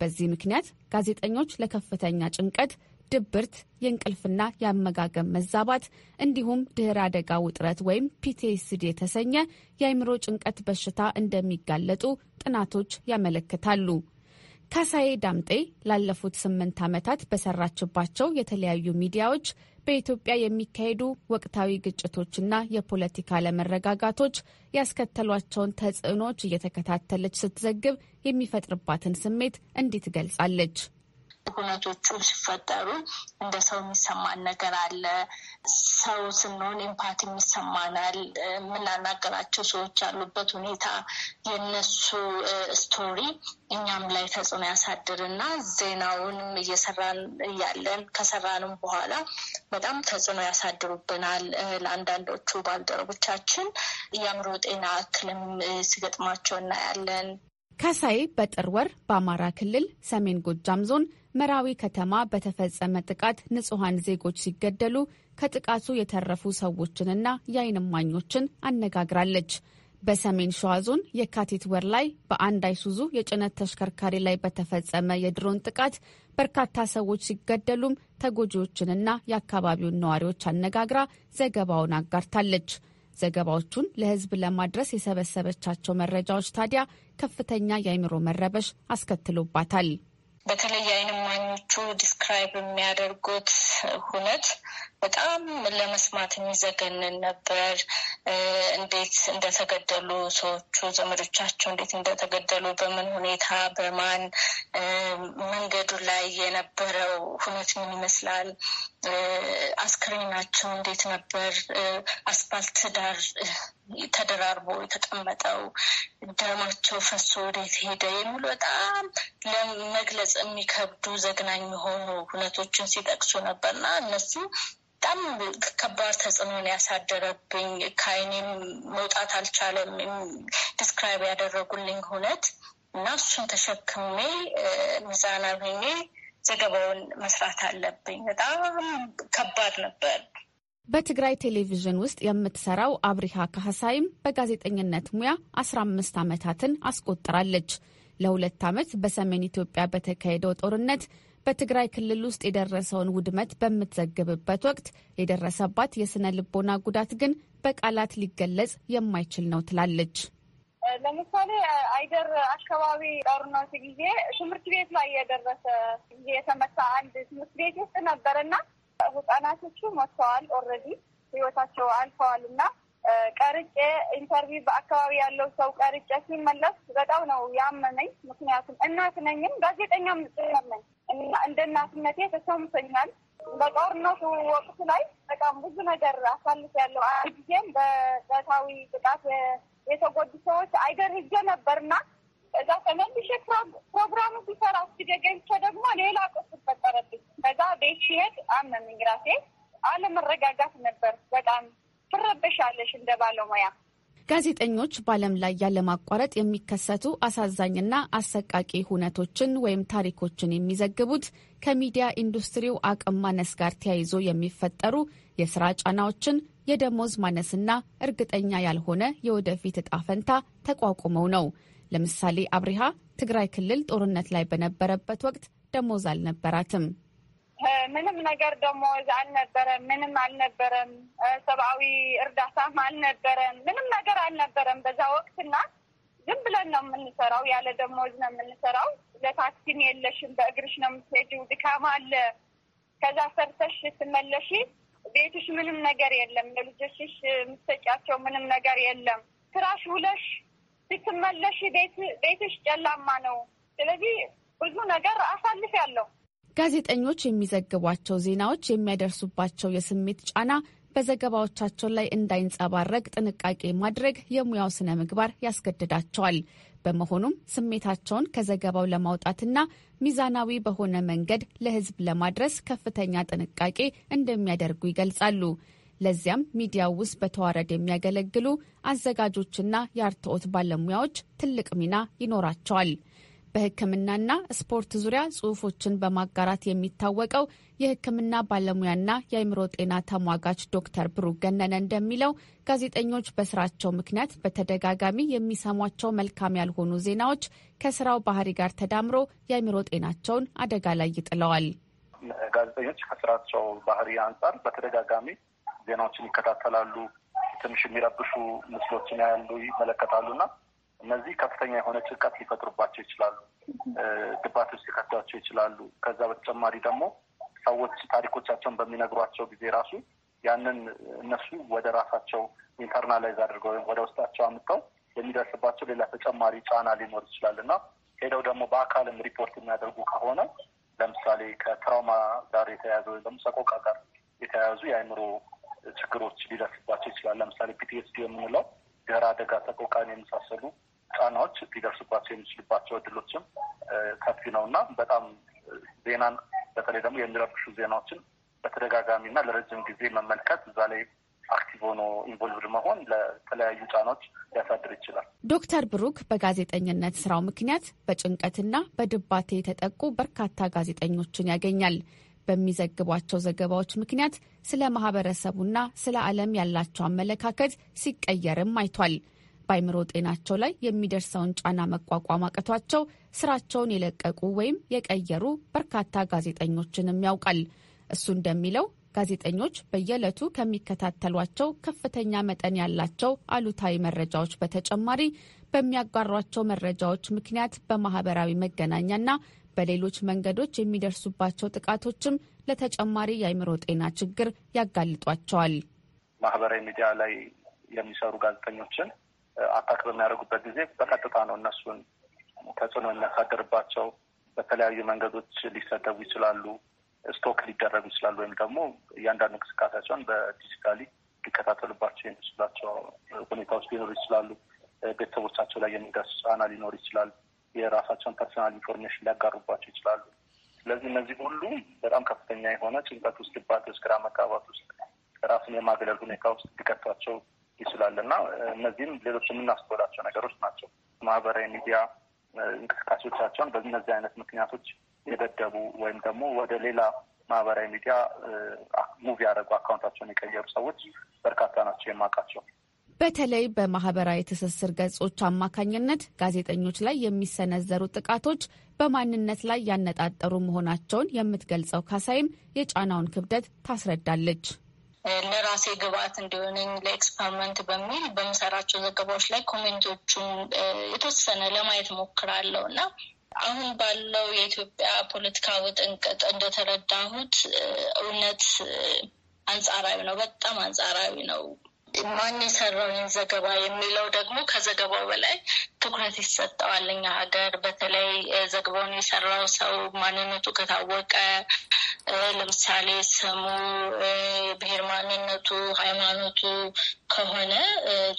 በዚህ ምክንያት ጋዜጠኞች ለከፍተኛ ጭንቀት፣ ድብርት፣ የእንቅልፍና የአመጋገብ መዛባት እንዲሁም ድህረ አደጋ ውጥረት ወይም ፒቲኤስዲ የተሰኘ የአይምሮ ጭንቀት በሽታ እንደሚጋለጡ ጥናቶች ያመለክታሉ። ካሳዬ ዳምጤ ላለፉት ስምንት ዓመታት በሰራችባቸው የተለያዩ ሚዲያዎች በኢትዮጵያ የሚካሄዱ ወቅታዊ ግጭቶችና የፖለቲካ አለመረጋጋቶች ያስከተሏቸውን ተጽዕኖዎች እየተከታተለች ስትዘግብ የሚፈጥርባትን ስሜት እንዲህ ትገልጻለች። ሁነቶቹ ሲፈጠሩ እንደ ሰው የሚሰማን ነገር አለ። ሰው ስንሆን ኤምፓት የሚሰማናል። የምናናገራቸው ሰዎች ያሉበት ሁኔታ የነሱ ስቶሪ እኛም ላይ ተጽዕኖ ያሳድርና ዜናውንም እየሰራን እያለን ከሰራንም በኋላ በጣም ተጽዕኖ ያሳድሩብናል። ለአንዳንዶቹ ባልደረቦቻችን የአእምሮ ጤና እክልም ሲገጥማቸው እናያለን። ከሳይ በጥር ወር በአማራ ክልል ሰሜን ጎጃም ዞን መራዊ ከተማ በተፈጸመ ጥቃት ንጹሐን ዜጎች ሲገደሉ ከጥቃቱ የተረፉ ሰዎችንና የዓይን እማኞችን አነጋግራለች። በሰሜን ሸዋ ዞን የካቲት ወር ላይ በአንድ አይሱዙ የጭነት ተሽከርካሪ ላይ በተፈጸመ የድሮን ጥቃት በርካታ ሰዎች ሲገደሉም ተጎጂዎችንና የአካባቢውን ነዋሪዎች አነጋግራ ዘገባውን አጋርታለች። ዘገባዎቹን ለሕዝብ ለማድረስ የሰበሰበቻቸው መረጃዎች ታዲያ ከፍተኛ የአይምሮ መረበሽ አስከትሎባታል። በተለይ አይን እማኞቹ ዲስክራይብ የሚያደርጉት ሁነት በጣም ለመስማት የሚዘገንን ነበር። እንዴት እንደተገደሉ ሰዎቹ ዘመዶቻቸው እንዴት እንደተገደሉ፣ በምን ሁኔታ፣ በማን መንገዱ ላይ የነበረው ሁነት ምን ይመስላል አስክሬናቸው እንዴት ነበር አስፋልት ዳር ተደራርቦ የተቀመጠው፣ ደማቸው ፈሶ ወዴት ሄደ የሚሉ በጣም ለመግለጽ የሚከብዱ ዘግናኝ የሆኑ ሁነቶችን ሲጠቅሱ ነበርና እነሱ በጣም ከባድ ተጽዕኖን ያሳደረብኝ ከአይኔም መውጣት አልቻለም። ዲስክራይብ ያደረጉልኝ ሁነት እና እሱን ተሸክሜ ሚዛና ዘገባውን መስራት አለብኝ። በጣም ከባድ ነበር። በትግራይ ቴሌቪዥን ውስጥ የምትሰራው አብሪሃ ካህሳይም በጋዜጠኝነት ሙያ አስራ አምስት ዓመታትን አስቆጥራለች። ለሁለት ዓመት በሰሜን ኢትዮጵያ በተካሄደው ጦርነት በትግራይ ክልል ውስጥ የደረሰውን ውድመት በምትዘግብበት ወቅት የደረሰባት የስነ ልቦና ጉዳት ግን በቃላት ሊገለጽ የማይችል ነው ትላለች። ለምሳሌ አይደር አካባቢ ጦርነቱ ጊዜ ትምህርት ቤት ላይ የደረሰ ጊዜ የተመታ አንድ ትምህርት ቤት ውስጥ ነበር እና ህጻናቶቹ መጥተዋል ኦልሬዲ ህይወታቸው አልፈዋል እና ቀርጬ ኢንተርቪው በአካባቢ ያለው ሰው ቀርጬ ሲመለስ በጣም ነው ያመመኝ። ምክንያቱም እናት ነኝም ጋዜጠኛም ነኝ እና እንደ እናትነቴ ተሰምቶኛል። በጦርነቱ ወቅት ላይ በጣም ብዙ ነገር አሳልፍ ያለው አንድ ጊዜም በጾታዊ ጥቃት የተጎዱ ሰዎች አይገር ሂጄ ነበርና እዛ ተመልሼ ፕሮግራሙ ሲሰራ ስገገብቼ ደግሞ ሌላ ቁስ ፈጠረብኝ። ከዛ ቤት ሲሄድ አመመኝ፣ ራሴ አለመረጋጋት ነበር። በጣም ትረበሻለሽ እንደ ባለሙያ ጋዜጠኞች በዓለም ላይ ያለማቋረጥ የሚከሰቱ አሳዛኝና አሰቃቂ ሁነቶችን ወይም ታሪኮችን የሚዘግቡት ከሚዲያ ኢንዱስትሪው አቅም ማነስ ጋር ተያይዞ የሚፈጠሩ የስራ ጫናዎችን የደሞዝ ማነስና እርግጠኛ ያልሆነ የወደፊት እጣ ፈንታ ተቋቁመው ነው። ለምሳሌ አብሪሃ ትግራይ ክልል ጦርነት ላይ በነበረበት ወቅት ደሞዝ አልነበራትም። ምንም ነገር ደሞዝ አልነበረም። ምንም አልነበረም። ሰብአዊ እርዳታም አልነበረም። ምንም ነገር አልነበረም በዛ ወቅትና ዝም ብለን ነው የምንሰራው። ያለ ደሞዝ ነው የምንሰራው። ለታክሲም የለሽም፣ በእግርሽ ነው የምትሄጂው። ድካም አለ። ከዛ ሰርተሽ ስትመለሺ ቤትሽ ምንም ነገር የለም፣ ለልጆችሽ የምትሰጫቸው ምንም ነገር የለም። ትራሽ ውለሽ ስትመለሽ ቤትሽ ጨላማ ነው። ስለዚህ ብዙ ነገር አሳልፍ ያለው ጋዜጠኞች የሚዘግቧቸው ዜናዎች የሚያደርሱባቸው የስሜት ጫና በዘገባዎቻቸው ላይ እንዳይንጸባረቅ ጥንቃቄ ማድረግ የሙያው ስነ ምግባር ያስገድዳቸዋል። በመሆኑም ስሜታቸውን ከዘገባው ለማውጣትና ሚዛናዊ በሆነ መንገድ ለሕዝብ ለማድረስ ከፍተኛ ጥንቃቄ እንደሚያደርጉ ይገልጻሉ። ለዚያም ሚዲያው ውስጥ በተዋረድ የሚያገለግሉ አዘጋጆችና የአርትዖት ባለሙያዎች ትልቅ ሚና ይኖራቸዋል። በሕክምናና ስፖርት ዙሪያ ጽሁፎችን በማጋራት የሚታወቀው የሕክምና ባለሙያና የአእምሮ ጤና ተሟጋች ዶክተር ብሩክ ገነነ እንደሚለው ጋዜጠኞች በስራቸው ምክንያት በተደጋጋሚ የሚሰሟቸው መልካም ያልሆኑ ዜናዎች ከስራው ባህሪ ጋር ተዳምሮ የአእምሮ ጤናቸውን አደጋ ላይ ይጥለዋል። ጋዜጠኞች ከስራቸው ባህሪ አንጻር በተደጋጋሚ ዜናዎችን ይከታተላሉ። ትንሽ የሚረብሹ ምስሎችን ያሉ ይመለከታሉና እነዚህ ከፍተኛ የሆነ ጭንቀት ሊፈጥሩባቸው ይችላሉ። ድባት ውስጥ ሊከቷቸው ይችላሉ። ከዛ በተጨማሪ ደግሞ ሰዎች ታሪኮቻቸውን በሚነግሯቸው ጊዜ ራሱ ያንን እነሱ ወደ ራሳቸው ኢንተርናላይዝ አድርገው ወይም ወደ ውስጣቸው አምጥተው የሚደርስባቸው ሌላ ተጨማሪ ጫና ሊኖር ይችላል እና ሄደው ደግሞ በአካልም ሪፖርት የሚያደርጉ ከሆነ ለምሳሌ ከትራውማ ጋር የተያያዘ ወይም ደግሞ ሰቆቃ ጋር የተያያዙ የአእምሮ ችግሮች ሊደርስባቸው ይችላል። ለምሳሌ ፒቲኤስዲ የምንለው ድህረ አደጋ ሰቆቃን የመሳሰሉ ጫናዎች ሊደርስባቸው የሚችልባቸው እድሎችም ሰፊ ነው እና በጣም ዜናን በተለይ ደግሞ የሚረብሹ ዜናዎችን በተደጋጋሚ እና ለረጅም ጊዜ መመልከት እዛ ላይ አክቲቭ ሆኖ ኢንቮልቭድ መሆን ለተለያዩ ጫናዎች ሊያሳድር ይችላል። ዶክተር ብሩክ በጋዜጠኝነት ስራው ምክንያት በጭንቀትና በድባቴ የተጠቁ በርካታ ጋዜጠኞችን ያገኛል። በሚዘግቧቸው ዘገባዎች ምክንያት ስለ ማህበረሰቡና ስለ ዓለም ያላቸው አመለካከት ሲቀየርም አይቷል። በአይምሮ ጤናቸው ላይ የሚደርሰውን ጫና መቋቋም አቅቷቸው ስራቸውን የለቀቁ ወይም የቀየሩ በርካታ ጋዜጠኞችንም ያውቃል። እሱ እንደሚለው ጋዜጠኞች በየዕለቱ ከሚከታተሏቸው ከፍተኛ መጠን ያላቸው አሉታዊ መረጃዎች በተጨማሪ በሚያጋሯቸው መረጃዎች ምክንያት በማህበራዊ መገናኛና በሌሎች መንገዶች የሚደርሱባቸው ጥቃቶችም ለተጨማሪ የአይምሮ ጤና ችግር ያጋልጧቸዋል። ማህበራዊ ሚዲያ ላይ የሚሰሩ ጋዜጠኞችን አታክ በሚያደርጉበት ጊዜ በቀጥታ ነው እነሱን ተጽዕኖ የሚያሳድርባቸው። በተለያዩ መንገዶች ሊሰደቡ ይችላሉ፣ ስቶክ ሊደረጉ ይችላሉ፣ ወይም ደግሞ እያንዳንዱ እንቅስቃሴያቸውን በዲጂታሊ ሊከታተሉባቸው የሚችላቸው ሁኔታዎች ሊኖሩ ይችላሉ። ቤተሰቦቻቸው ላይ የሚደርስ ጫና ሊኖር ይችላል። የራሳቸውን ፐርሰናል ኢንፎርሜሽን ሊያጋሩባቸው ይችላሉ። ስለዚህ እነዚህ ሁሉ በጣም ከፍተኛ የሆነ ጭንቀት ውስጥ፣ ድባቴ ውስጥ፣ ግራ መጋባት ውስጥ ራሱን የማግለል ሁኔታ ውስጥ ሊከቷቸው ይችላል እና እነዚህም ሌሎች የምናስተውላቸው ነገሮች ናቸው። ማህበራዊ ሚዲያ እንቅስቃሴዎቻቸውን በእነዚህ አይነት ምክንያቶች የደደቡ ወይም ደግሞ ወደ ሌላ ማህበራዊ ሚዲያ ሙቪ ያደረጉ አካውንታቸውን የቀየሩ ሰዎች በርካታ ናቸው የማውቃቸው። በተለይ በማህበራዊ ትስስር ገጾች አማካኝነት ጋዜጠኞች ላይ የሚሰነዘሩ ጥቃቶች በማንነት ላይ ያነጣጠሩ መሆናቸውን የምትገልጸው ካሳይም የጫናውን ክብደት ታስረዳለች። ለራሴ ግብአት እንዲሆነኝ ለኤክስፐሪመንት በሚል በምሰራቸው ዘገባዎች ላይ ኮሜንቶቹን የተወሰነ ለማየት ሞክራለሁ እና አሁን ባለው የኢትዮጵያ ፖለቲካ ውጥንቅጥ እንደተረዳሁት እውነት አንጻራዊ ነው፣ በጣም አንጻራዊ ነው። ማን የሰራው ይህን ዘገባ የሚለው ደግሞ ከዘገባው በላይ ትኩረት ይሰጠዋል። እኛ ሀገር በተለይ ዘገባውን የሰራው ሰው ማንነቱ ከታወቀ ለምሳሌ ስሙ፣ ብሔር ማንነቱ፣ ሃይማኖቱ ከሆነ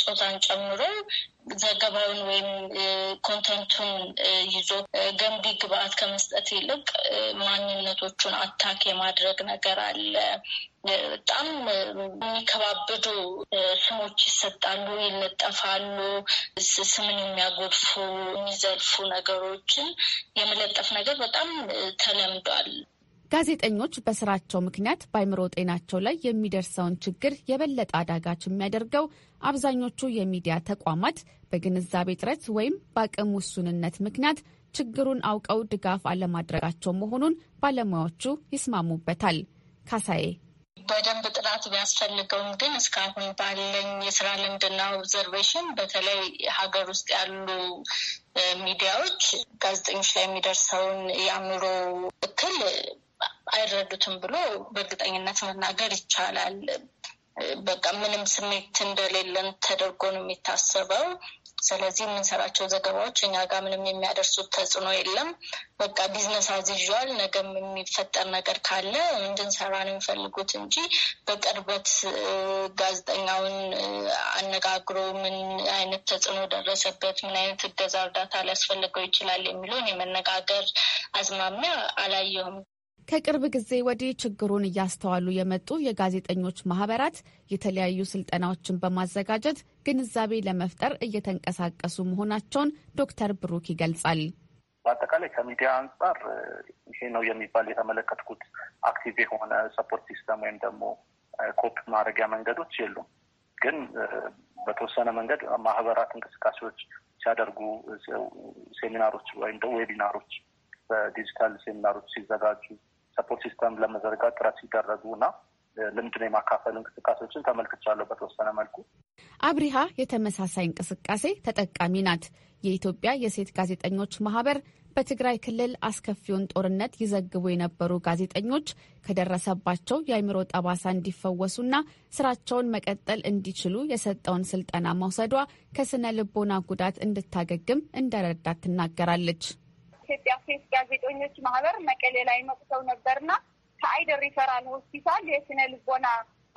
ጾታን ጨምሮ ዘገባውን ወይም ኮንተንቱን ይዞ ገንቢ ግብአት ከመስጠት ይልቅ ማንነቶቹን አታክ የማድረግ ነገር አለ። በጣም የሚከባብዱ ስሞች ይሰጣሉ፣ ይለጠፋሉ። ስምን የሚያጎድፉ የሚዘልፉ ነገሮችን የመለጠፍ ነገር በጣም ተለምዷል። ጋዜጠኞች በስራቸው ምክንያት በአይምሮ ጤናቸው ላይ የሚደርሰውን ችግር የበለጠ አዳጋች የሚያደርገው አብዛኞቹ የሚዲያ ተቋማት በግንዛቤ ጥረት ወይም በአቅም ውሱንነት ምክንያት ችግሩን አውቀው ድጋፍ አለማድረጋቸው መሆኑን ባለሙያዎቹ ይስማሙበታል። ካሳዬ በደንብ ጥናት ቢያስፈልገውም ግን እስካሁን ባለኝ የስራ ልምድና ኦብዘርቬሽን በተለይ ሀገር ውስጥ ያሉ ሚዲያዎች ጋዜጠኞች ላይ የሚደርሰውን የአእምሮ እክል አይረዱትም ብሎ በእርግጠኝነት መናገር ይቻላል። በቃ ምንም ስሜት እንደሌለን ተደርጎ ነው የሚታሰበው። ስለዚህ የምንሰራቸው ዘገባዎች እኛ ጋር ምንም የሚያደርሱት ተጽዕኖ የለም። በቃ ቢዝነስ አዝዣል። ነገም የሚፈጠር ነገር ካለ እንድንሰራ ነው የሚፈልጉት እንጂ በቅርበት ጋዜጠኛውን አነጋግሮ ምን አይነት ተጽዕኖ ደረሰበት፣ ምን አይነት እገዛ እርዳታ ሊያስፈልገው ይችላል የሚለውን የመነጋገር አዝማሚያ አላየሁም። ከቅርብ ጊዜ ወዲህ ችግሩን እያስተዋሉ የመጡ የጋዜጠኞች ማህበራት የተለያዩ ስልጠናዎችን በማዘጋጀት ግንዛቤ ለመፍጠር እየተንቀሳቀሱ መሆናቸውን ዶክተር ብሩክ ይገልጻል። በአጠቃላይ ከሚዲያ አንጻር ይሄ ነው የሚባል የተመለከትኩት አክቲቭ የሆነ ሰፖርት ሲስተም ወይም ደግሞ ኮፕ ማድረጊያ መንገዶች የሉም። ግን በተወሰነ መንገድ ማህበራት እንቅስቃሴዎች ሲያደርጉ ሴሚናሮች ወይም ደግሞ ዌቢናሮች በዲጂታል ሴሚናሮች ሲዘጋጁ ሰፖርት ሲስተም ለመዘርጋት ጥረት ሲደረጉ እና ልምድን የማካፈል እንቅስቃሴዎችን ተመልክቻለሁ በተወሰነ መልኩ። አብሪሃ የተመሳሳይ እንቅስቃሴ ተጠቃሚ ናት። የኢትዮጵያ የሴት ጋዜጠኞች ማህበር በትግራይ ክልል አስከፊውን ጦርነት ይዘግቡ የነበሩ ጋዜጠኞች ከደረሰባቸው የአእምሮ ጠባሳ እንዲፈወሱና ስራቸውን መቀጠል እንዲችሉ የሰጠውን ስልጠና መውሰዷ ከስነ ልቦና ጉዳት እንድታገግም እንደረዳት ትናገራለች። የኢትዮጵያ ሴት ጋዜጠኞች ማህበር መቀሌ ላይ መጥተው ነበርና ከአይደር ሪፈራል ሆስፒታል የስነ ልቦና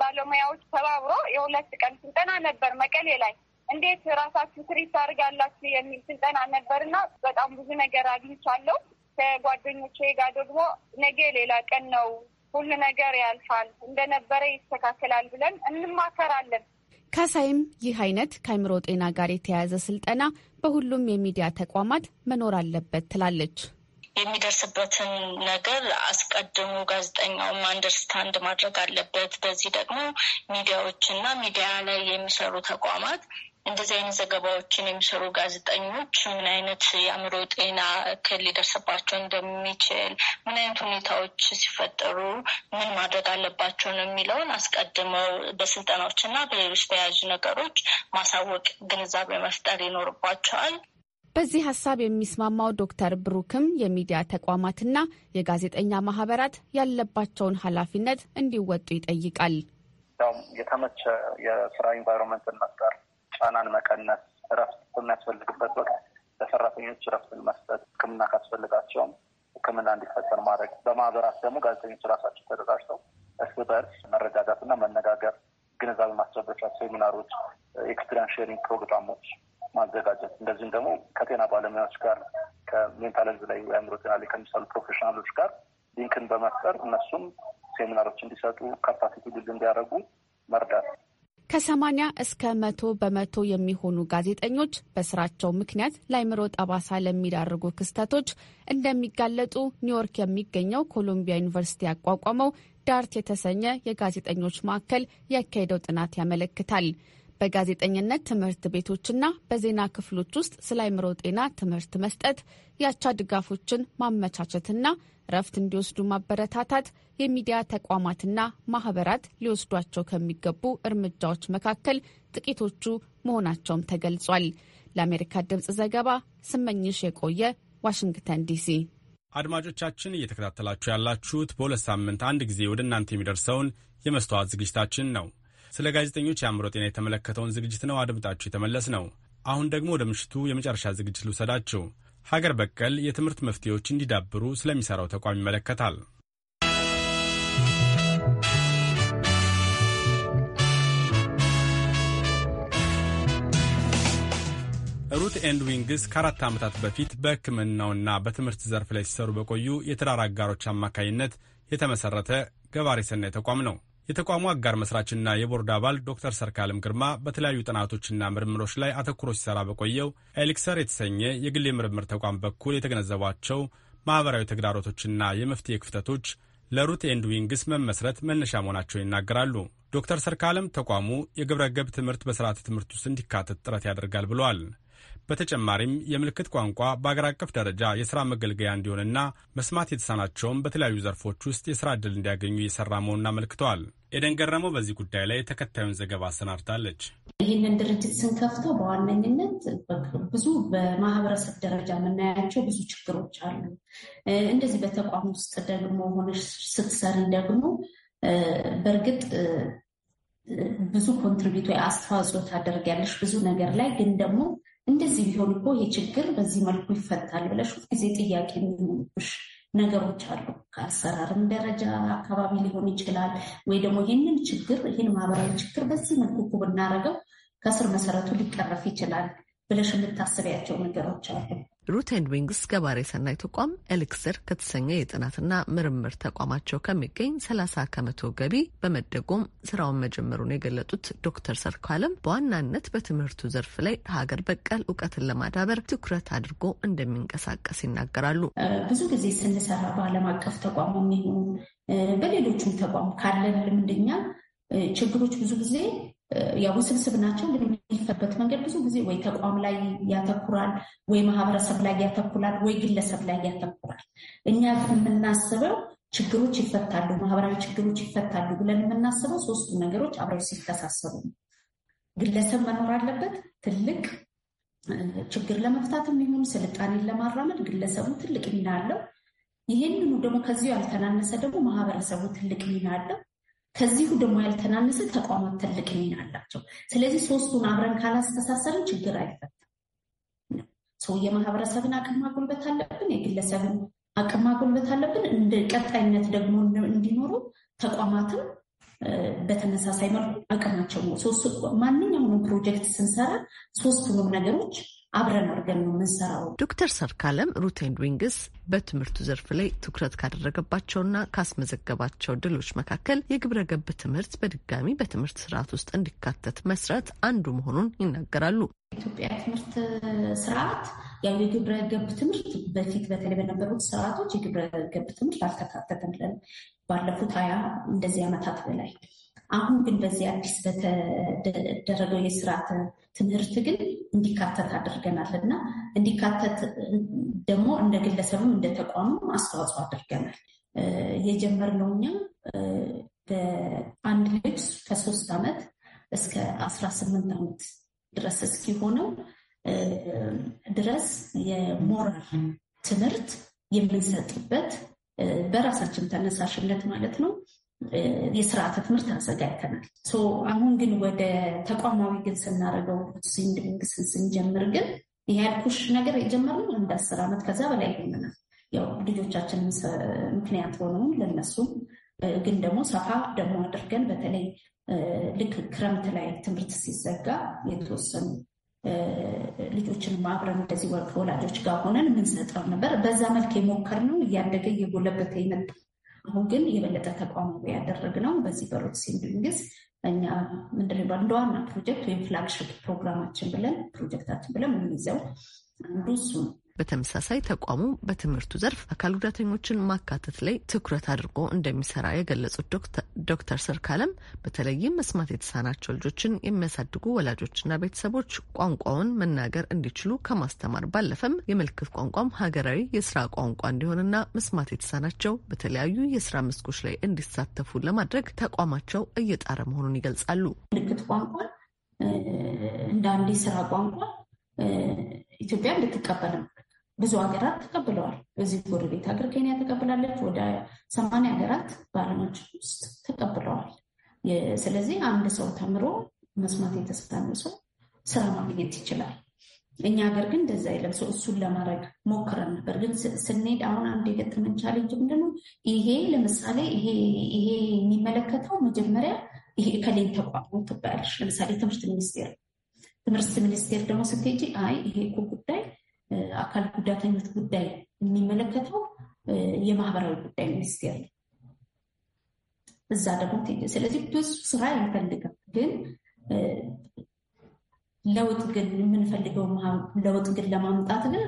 ባለሙያዎች ተባብሮ የሁለት ቀን ስልጠና ነበር መቀሌ ላይ እንዴት ራሳችሁ ትሪት አርጋላችሁ የሚል ስልጠና ነበርና በጣም ብዙ ነገር አግኝቻለሁ። ከጓደኞቼ ጋር ደግሞ ነገ ሌላ ቀን ነው፣ ሁሉ ነገር ያልፋል፣ እንደነበረ ይስተካከላል ብለን እንማከራለን። ካሳይም ይህ አይነት ከአእምሮ ጤና ጋር የተያያዘ ስልጠና በሁሉም የሚዲያ ተቋማት መኖር አለበት ትላለች። የሚደርስበትን ነገር አስቀድሞ ጋዜጠኛውም አንደርስታንድ ማድረግ አለበት። በዚህ ደግሞ ሚዲያዎች እና ሚዲያ ላይ የሚሰሩ ተቋማት እንደዚህ አይነት ዘገባዎችን የሚሰሩ ጋዜጠኞች ምን አይነት የአእምሮ ጤና እክል ሊደርስባቸው እንደሚችል፣ ምን አይነት ሁኔታዎች ሲፈጠሩ ምን ማድረግ አለባቸው ነው የሚለውን አስቀድመው በስልጠናዎች እና በሌሎች ተያያዥ ነገሮች ማሳወቅ፣ ግንዛቤ መፍጠር ይኖርባቸዋል። በዚህ ሀሳብ የሚስማማው ዶክተር ብሩክም የሚዲያ ተቋማትና የጋዜጠኛ ማህበራት ያለባቸውን ኃላፊነት እንዲወጡ ይጠይቃል። ያው የተመቸ የስራ ኢንቫይሮንመንትን መፍጠር ጫናን መቀነስ፣ እረፍት በሚያስፈልግበት ወቅት ለሰራተኞች እረፍትን መስጠት፣ ሕክምና ካስፈልጋቸውም ሕክምና እንዲፈጠን ማድረግ፣ በማህበራት ደግሞ ጋዜጠኞች ራሳቸው ተደራጅተው እርስ በእርስ መረጋጋትና መነጋገር፣ ግንዛቤ ማስጨበጫ ሴሚናሮች፣ ኤክስፒሪንስ ሼሪንግ ፕሮግራሞች ማዘጋጀት እንደዚሁም ደግሞ ከጤና ባለሙያዎች ጋር ከሜንታል ሄልዝ ላይ የአእምሮ ጤና ላይ ከሚሰሩ ፕሮፌሽናሎች ጋር ሊንክን በመፍጠር እነሱም ሴሚናሮች እንዲሰጡ ካፓሲቲ ቢልድ እንዲያደርጉ መርዳት ከ80 እስከ መቶ በመቶ የሚሆኑ ጋዜጠኞች በስራቸው ምክንያት ለአይምሮ ጠባሳ ለሚዳርጉ ክስተቶች እንደሚጋለጡ ኒውዮርክ የሚገኘው ኮሎምቢያ ዩኒቨርሲቲ ያቋቋመው ዳርት የተሰኘ የጋዜጠኞች ማዕከል ያካሄደው ጥናት ያመለክታል። በጋዜጠኝነት ትምህርት ቤቶችና በዜና ክፍሎች ውስጥ ስለ አይምሮ ጤና ትምህርት መስጠት፣ የአቻ ድጋፎችን ማመቻቸትና እረፍት እንዲወስዱ ማበረታታት የሚዲያ ተቋማትና ማህበራት ሊወስዷቸው ከሚገቡ እርምጃዎች መካከል ጥቂቶቹ መሆናቸውም ተገልጿል። ለአሜሪካ ድምፅ ዘገባ ስመኝሽ የቆየ ዋሽንግተን ዲሲ። አድማጮቻችን እየተከታተላችሁ ያላችሁት በሁለት ሳምንት አንድ ጊዜ ወደ እናንተ የሚደርሰውን የመስተዋት ዝግጅታችን ነው። ስለ ጋዜጠኞች የአእምሮ ጤና የተመለከተውን ዝግጅት ነው አድምጣችሁ የተመለስ ነው። አሁን ደግሞ ወደ ምሽቱ የመጨረሻ ዝግጅት ልውሰዳችሁ። ሀገር በቀል የትምህርት መፍትሄዎች እንዲዳብሩ ስለሚሠራው ተቋም ይመለከታል። ሩት ኤንድ ዊንግስ ከአራት ዓመታት በፊት በሕክምናውና በትምህርት ዘርፍ ላይ ሲሰሩ በቆዩ የትዳር አጋሮች አማካኝነት የተመሠረተ ገባሬ ሰናይ ተቋም ነው። የተቋሙ አጋር መስራችና የቦርድ አባል ዶክተር ሰርካለም ግርማ በተለያዩ ጥናቶችና ምርምሮች ላይ አተኩሮ ሲሰራ በቆየው ኤሊክሰር የተሰኘ የግል የምርምር ተቋም በኩል የተገነዘቧቸው ማኅበራዊ ተግዳሮቶችና የመፍትሄ ክፍተቶች ለሩት ኤንድ ዊንግስ መመስረት መነሻ መሆናቸውን ይናገራሉ። ዶክተር ሰርካለም ተቋሙ የግብረ ገብ ትምህርት በስርዓተ ትምህርት ውስጥ እንዲካተት ጥረት ያደርጋል ብለዋል። በተጨማሪም የምልክት ቋንቋ በአገር አቀፍ ደረጃ የስራ መገልገያ እንዲሆንና መስማት የተሳናቸውም በተለያዩ ዘርፎች ውስጥ የስራ ዕድል እንዲያገኙ እየሰራ መሆኑን አመልክተዋል። ኤደን ገረመው በዚህ ጉዳይ ላይ ተከታዩን ዘገባ አሰናድታለች። ይህንን ድርጅት ስንከፍተው በዋነኝነት ብዙ በማህበረሰብ ደረጃ የምናያቸው ብዙ ችግሮች አሉ። እንደዚህ በተቋም ውስጥ ደግሞ ሆነሽ ስትሰሪ ደግሞ በእርግጥ ብዙ ኮንትሪቢቱ አስተዋጽኦ ታደርጊያለሽ ብዙ ነገር ላይ ግን ደግሞ እንደዚህ ቢሆን እኮ ይህ ችግር በዚህ መልኩ ይፈታል ብለሽ ጊዜ ጥያቄ የሚሆኑብሽ ነገሮች አሉ። ከአሰራርም ደረጃ አካባቢ ሊሆን ይችላል። ወይ ደግሞ ይህንን ችግር ይህን ማህበራዊ ችግር በዚህ መልኩ እኮ ብናረገው ከስር መሰረቱ ሊቀረፍ ይችላል ብለሽ የምታስቢያቸው ነገሮች አሉ። ሩት ዊንግስ ገባሬ ሰናይ ተቋም ኤሊክስር ከተሰኘ የጥናትና ምርምር ተቋማቸው ከሚገኝ 30 ከመቶ ገቢ በመደጎም ስራውን መጀመሩን የገለጡት ዶክተር ሰርካለም በዋናነት በትምህርቱ ዘርፍ ላይ ሀገር በቀል እውቀትን ለማዳበር ትኩረት አድርጎ እንደሚንቀሳቀስ ይናገራሉ። ብዙ ጊዜ ስንሰራ በዓለም አቀፍ ተቋም የሚሆን በሌሎችም ተቋም ካለን ልምድኛ ችግሮች ብዙ ጊዜ ያው ውስብስብ ናቸው። ግን መንገድ ብዙ ጊዜ ወይ ተቋም ላይ ያተኩራል፣ ወይ ማህበረሰብ ላይ ያተኩራል፣ ወይ ግለሰብ ላይ ያተኩራል። እኛ የምናስበው ችግሮች ይፈታሉ፣ ማህበራዊ ችግሮች ይፈታሉ ብለን የምናስበው ሶስቱ ነገሮች አብረው ሲተሳሰሩ ነው። ግለሰብ መኖር አለበት። ትልቅ ችግር ለመፍታት ይሁን ስልጣኔን ለማራመድ ግለሰቡ ትልቅ ሚና አለው። ይህንኑ ደግሞ ከዚሁ ያልተናነሰ ደግሞ ማህበረሰቡ ትልቅ ሚና አለው። ከዚሁ ደግሞ ያልተናነሰ ተቋማት ትልቅ ሚና አላቸው። ስለዚህ ሶስቱን አብረን ካላስተሳሰርን ችግር አይፈታም። ሰው የማህበረሰብን አቅም ማጎልበት አለብን፣ የግለሰብን አቅም ማጎልበት አለብን። እንደ ቀጣይነት ደግሞ እንዲኖሩ ተቋማትም በተመሳሳይ መልኩ አቅማቸው ነው። ማንኛውንም ፕሮጀክት ስንሰራ ሶስቱንም ነገሮች አብረን አድርገን ነው የምንሰራው። ዶክተር ሰርካለም ሩት ኤንድ ዊንግስ በትምህርቱ ዘርፍ ላይ ትኩረት ካደረገባቸውና ካስመዘገባቸው ድሎች መካከል የግብረ ገብ ትምህርት በድጋሚ በትምህርት ስርዓት ውስጥ እንዲካተት መስራት አንዱ መሆኑን ይናገራሉ። ኢትዮጵያ ትምህርት ስርዓት ያው የግብረ ገብ ትምህርት በፊት በተለይ በነበሩት ስርዓቶች የግብረ ገብ ትምህርት አልተካተተም ባለፉት ሀያ እንደዚህ ዓመታት በላይ አሁን ግን በዚህ አዲስ በተደረገው የስርዓተ ትምህርት ግን እንዲካተት አድርገናል እና እንዲካተት ደግሞ እንደ ግለሰብም እንደ ተቋምም አስተዋጽኦ አድርገናል። የጀመርነው እኛ በአንድ ልጅ ከሶስት ዓመት እስከ አስራ ስምንት ዓመት ድረስ እስኪሆነው ድረስ የሞራል ትምህርት የምንሰጥበት በራሳችን ተነሳሽነት ማለት ነው የስርዓተ ትምህርት አዘጋጅተናል። አሁን ግን ወደ ተቋማዊ ግን ስናደርገው መንግስትን ስንጀምር ግን ይሄ ያልኩሽ ነገር የጀመርነው እንደ አስር ዓመት ከዛ በላይ ይሆንናል። ያው ልጆቻችን ምክንያት ሆነውን ለነሱም ግን ደግሞ ሰፋ ደግሞ አድርገን በተለይ ልክ ክረምት ላይ ትምህርት ሲዘጋ የተወሰኑ ልጆችን ማብረን እንደዚህ ወር ከወላጆች ጋር ሆነን የምንሰጠው ነበር። በዛ መልክ የሞከርነው እያደገ እየጎለበተ የመጣ አሁን ግን የበለጠ ተቋማዊ ነው። በዚህ በሮድሴን ቢልዲንግስ እኛ ምንድን ነው እንደ ዋና ፕሮጀክት ወይም ፍላግሽፕ ፕሮግራማችን ብለን ፕሮጀክታችን ብለን የምንይዘው አንዱ እሱ ነው። በተመሳሳይ ተቋሙ በትምህርቱ ዘርፍ አካል ጉዳተኞችን ማካተት ላይ ትኩረት አድርጎ እንደሚሰራ የገለጹት ዶክተር ሰርካለም በተለይም መስማት የተሳናቸው ልጆችን የሚያሳድጉ ወላጆችና ቤተሰቦች ቋንቋውን መናገር እንዲችሉ ከማስተማር ባለፈም የምልክት ቋንቋም ሀገራዊ የስራ ቋንቋ እንዲሆንና መስማት የተሳናቸው በተለያዩ የስራ መስኮች ላይ እንዲሳተፉ ለማድረግ ተቋማቸው እየጣረ መሆኑን ይገልጻሉ። ምልክት ቋንቋ እንደ አንድ ቋንቋ ኢትዮጵያ እንድትቀበል ብዙ ሀገራት ተቀብለዋል። በዚህ ጎረቤት ሀገር ኬንያ ተቀብላለች። ወደ ሰማንያ ሀገራት በዓለማችን ውስጥ ተቀብለዋል። ስለዚህ አንድ ሰው ተምሮ መስማት የተሳነው ሰው ስራ ማግኘት ይችላል። እኛ ሀገር ግን እንደዛ የለም። ሰው እሱን ለማድረግ ሞክረን ነበር፣ ግን ስንሄድ አሁን አንድ የገጠመን ቻሌንጅ ምንድነው? ይሄ ለምሳሌ ይሄ የሚመለከተው መጀመሪያ ይሄ ከሌን ተቋሙ ትባያለሽ። ለምሳሌ ትምህርት ሚኒስቴር ትምህርት ሚኒስቴር ደግሞ ስትሄጂ አይ ይሄ እኮ ጉዳይ አካል ጉዳተኞች ጉዳይ የሚመለከተው የማህበራዊ ጉዳይ ሚኒስቴር ነው። እዛ ደግሞ ስለዚህ ብዙ ስራ አይፈልግም። ግን ለውጥ ግን የምንፈልገው ለውጥ ግን ለማምጣት ግን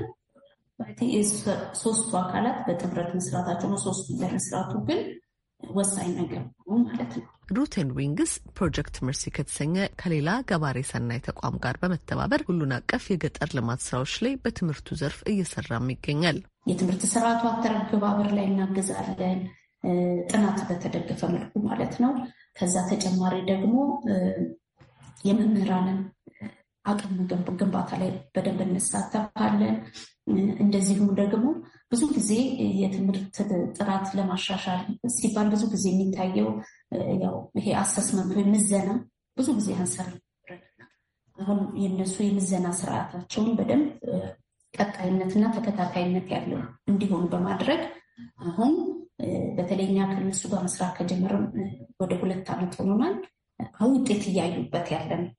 ሶስቱ አካላት በጥምረት መስራታቸው ነው። ሶስቱ ለመስራቱ ግን ወሳኝ ነገር ነው ማለት ነው። ሩቴን ዊንግስ ፕሮጀክት መርሲ ከተሰኘ ከሌላ ገባሬ ሰናይ ተቋም ጋር በመተባበር ሁሉን አቀፍ የገጠር ልማት ስራዎች ላይ በትምህርቱ ዘርፍ እየሰራም ይገኛል። የትምህርት ስርዓቱ አተገባበር ላይ እናግዛለን፣ ጥናት በተደገፈ መልኩ ማለት ነው። ከዛ ተጨማሪ ደግሞ የመምህራንን አቅም ግንባታ ላይ በደንብ እንሳተፋለን። እንደዚሁም ደግሞ ብዙ ጊዜ የትምህርት ጥራት ለማሻሻል ሲባል ብዙ ጊዜ የሚታየው ያው ይሄ አሰስመንት ወይም ምዘና ብዙ ጊዜ አንሰር አሁን የነሱ የምዘና ስርዓታቸውን በደንብ ቀጣይነትና ተከታታይነት ያለው እንዲሆን በማድረግ አሁን በተለይ እኛ ከነሱ ጋር መስራት ከጀመረም ወደ ሁለት ዓመት ሆኖናል። አሁን ውጤት እያዩበት ያለ ነው።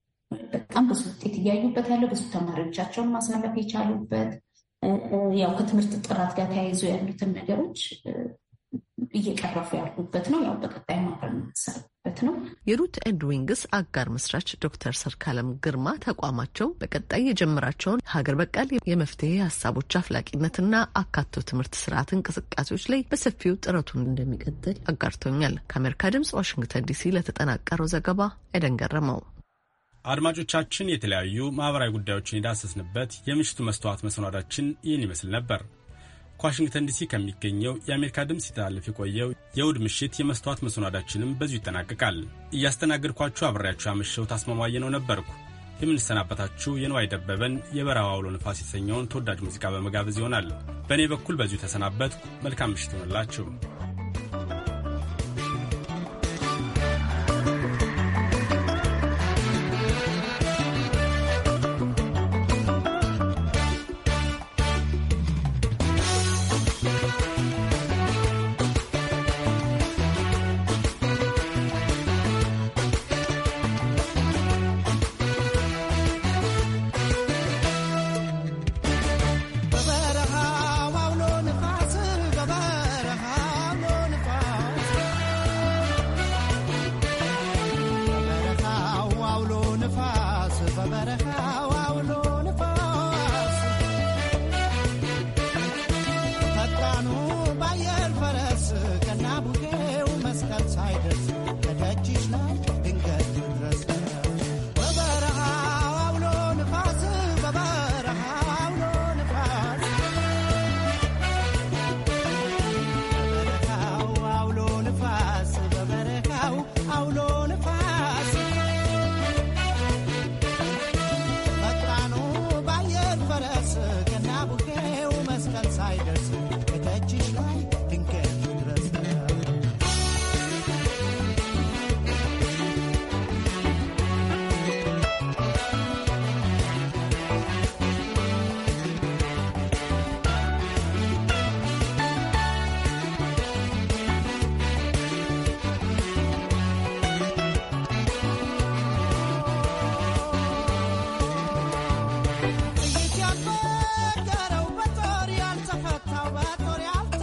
በጣም ብዙ ውጤት እያዩበት ያለው ብዙ ተማሪዎቻቸውን ማሳለፍ የቻሉበት ያው ከትምህርት ጥራት ጋር ተያይዞ ያሉትን ነገሮች እየቀረፉ ያሉበት ነው። ያው በቀጣይ ማበር የሚሰሩበት ነው። የሩት ኤንድ ዊንግስ አጋር መስራች ዶክተር ሰርካለም ግርማ ተቋማቸው በቀጣይ የጀመራቸውን ሀገር በቀል የመፍትሄ ሀሳቦች አፍላቂነትና አካቶ ትምህርት ስርዓት እንቅስቃሴዎች ላይ በሰፊው ጥረቱን እንደሚቀጥል አጋርቶኛል። ከአሜሪካ ድምጽ ዋሽንግተን ዲሲ ለተጠናቀረው ዘገባ አይደን ገረመው። አድማጮቻችን፣ የተለያዩ ማኅበራዊ ጉዳዮችን የዳሰስንበት የምሽቱ መስተዋት መሰናዳችን ይህን ይመስል ነበር። ከዋሽንግተን ዲሲ ከሚገኘው የአሜሪካ ድምፅ ሲተላለፍ የቆየው የእሁድ ምሽት የመስተዋት መሰናዳችንም በዚሁ ይጠናቀቃል። እያስተናገድኳችሁ አብሬያችሁ ያመሸው ታስማማየ ነው ነበርኩ። የምንሰናበታችሁ የንዋይ ደበበን የበረሃ አውሎ የተሰኘውን ተወዳጅ ሙዚቃ በመጋበዝ ይሆናል። በእኔ በኩል በዚሁ ተሰናበትኩ። መልካም ምሽት ይሆንላችሁ።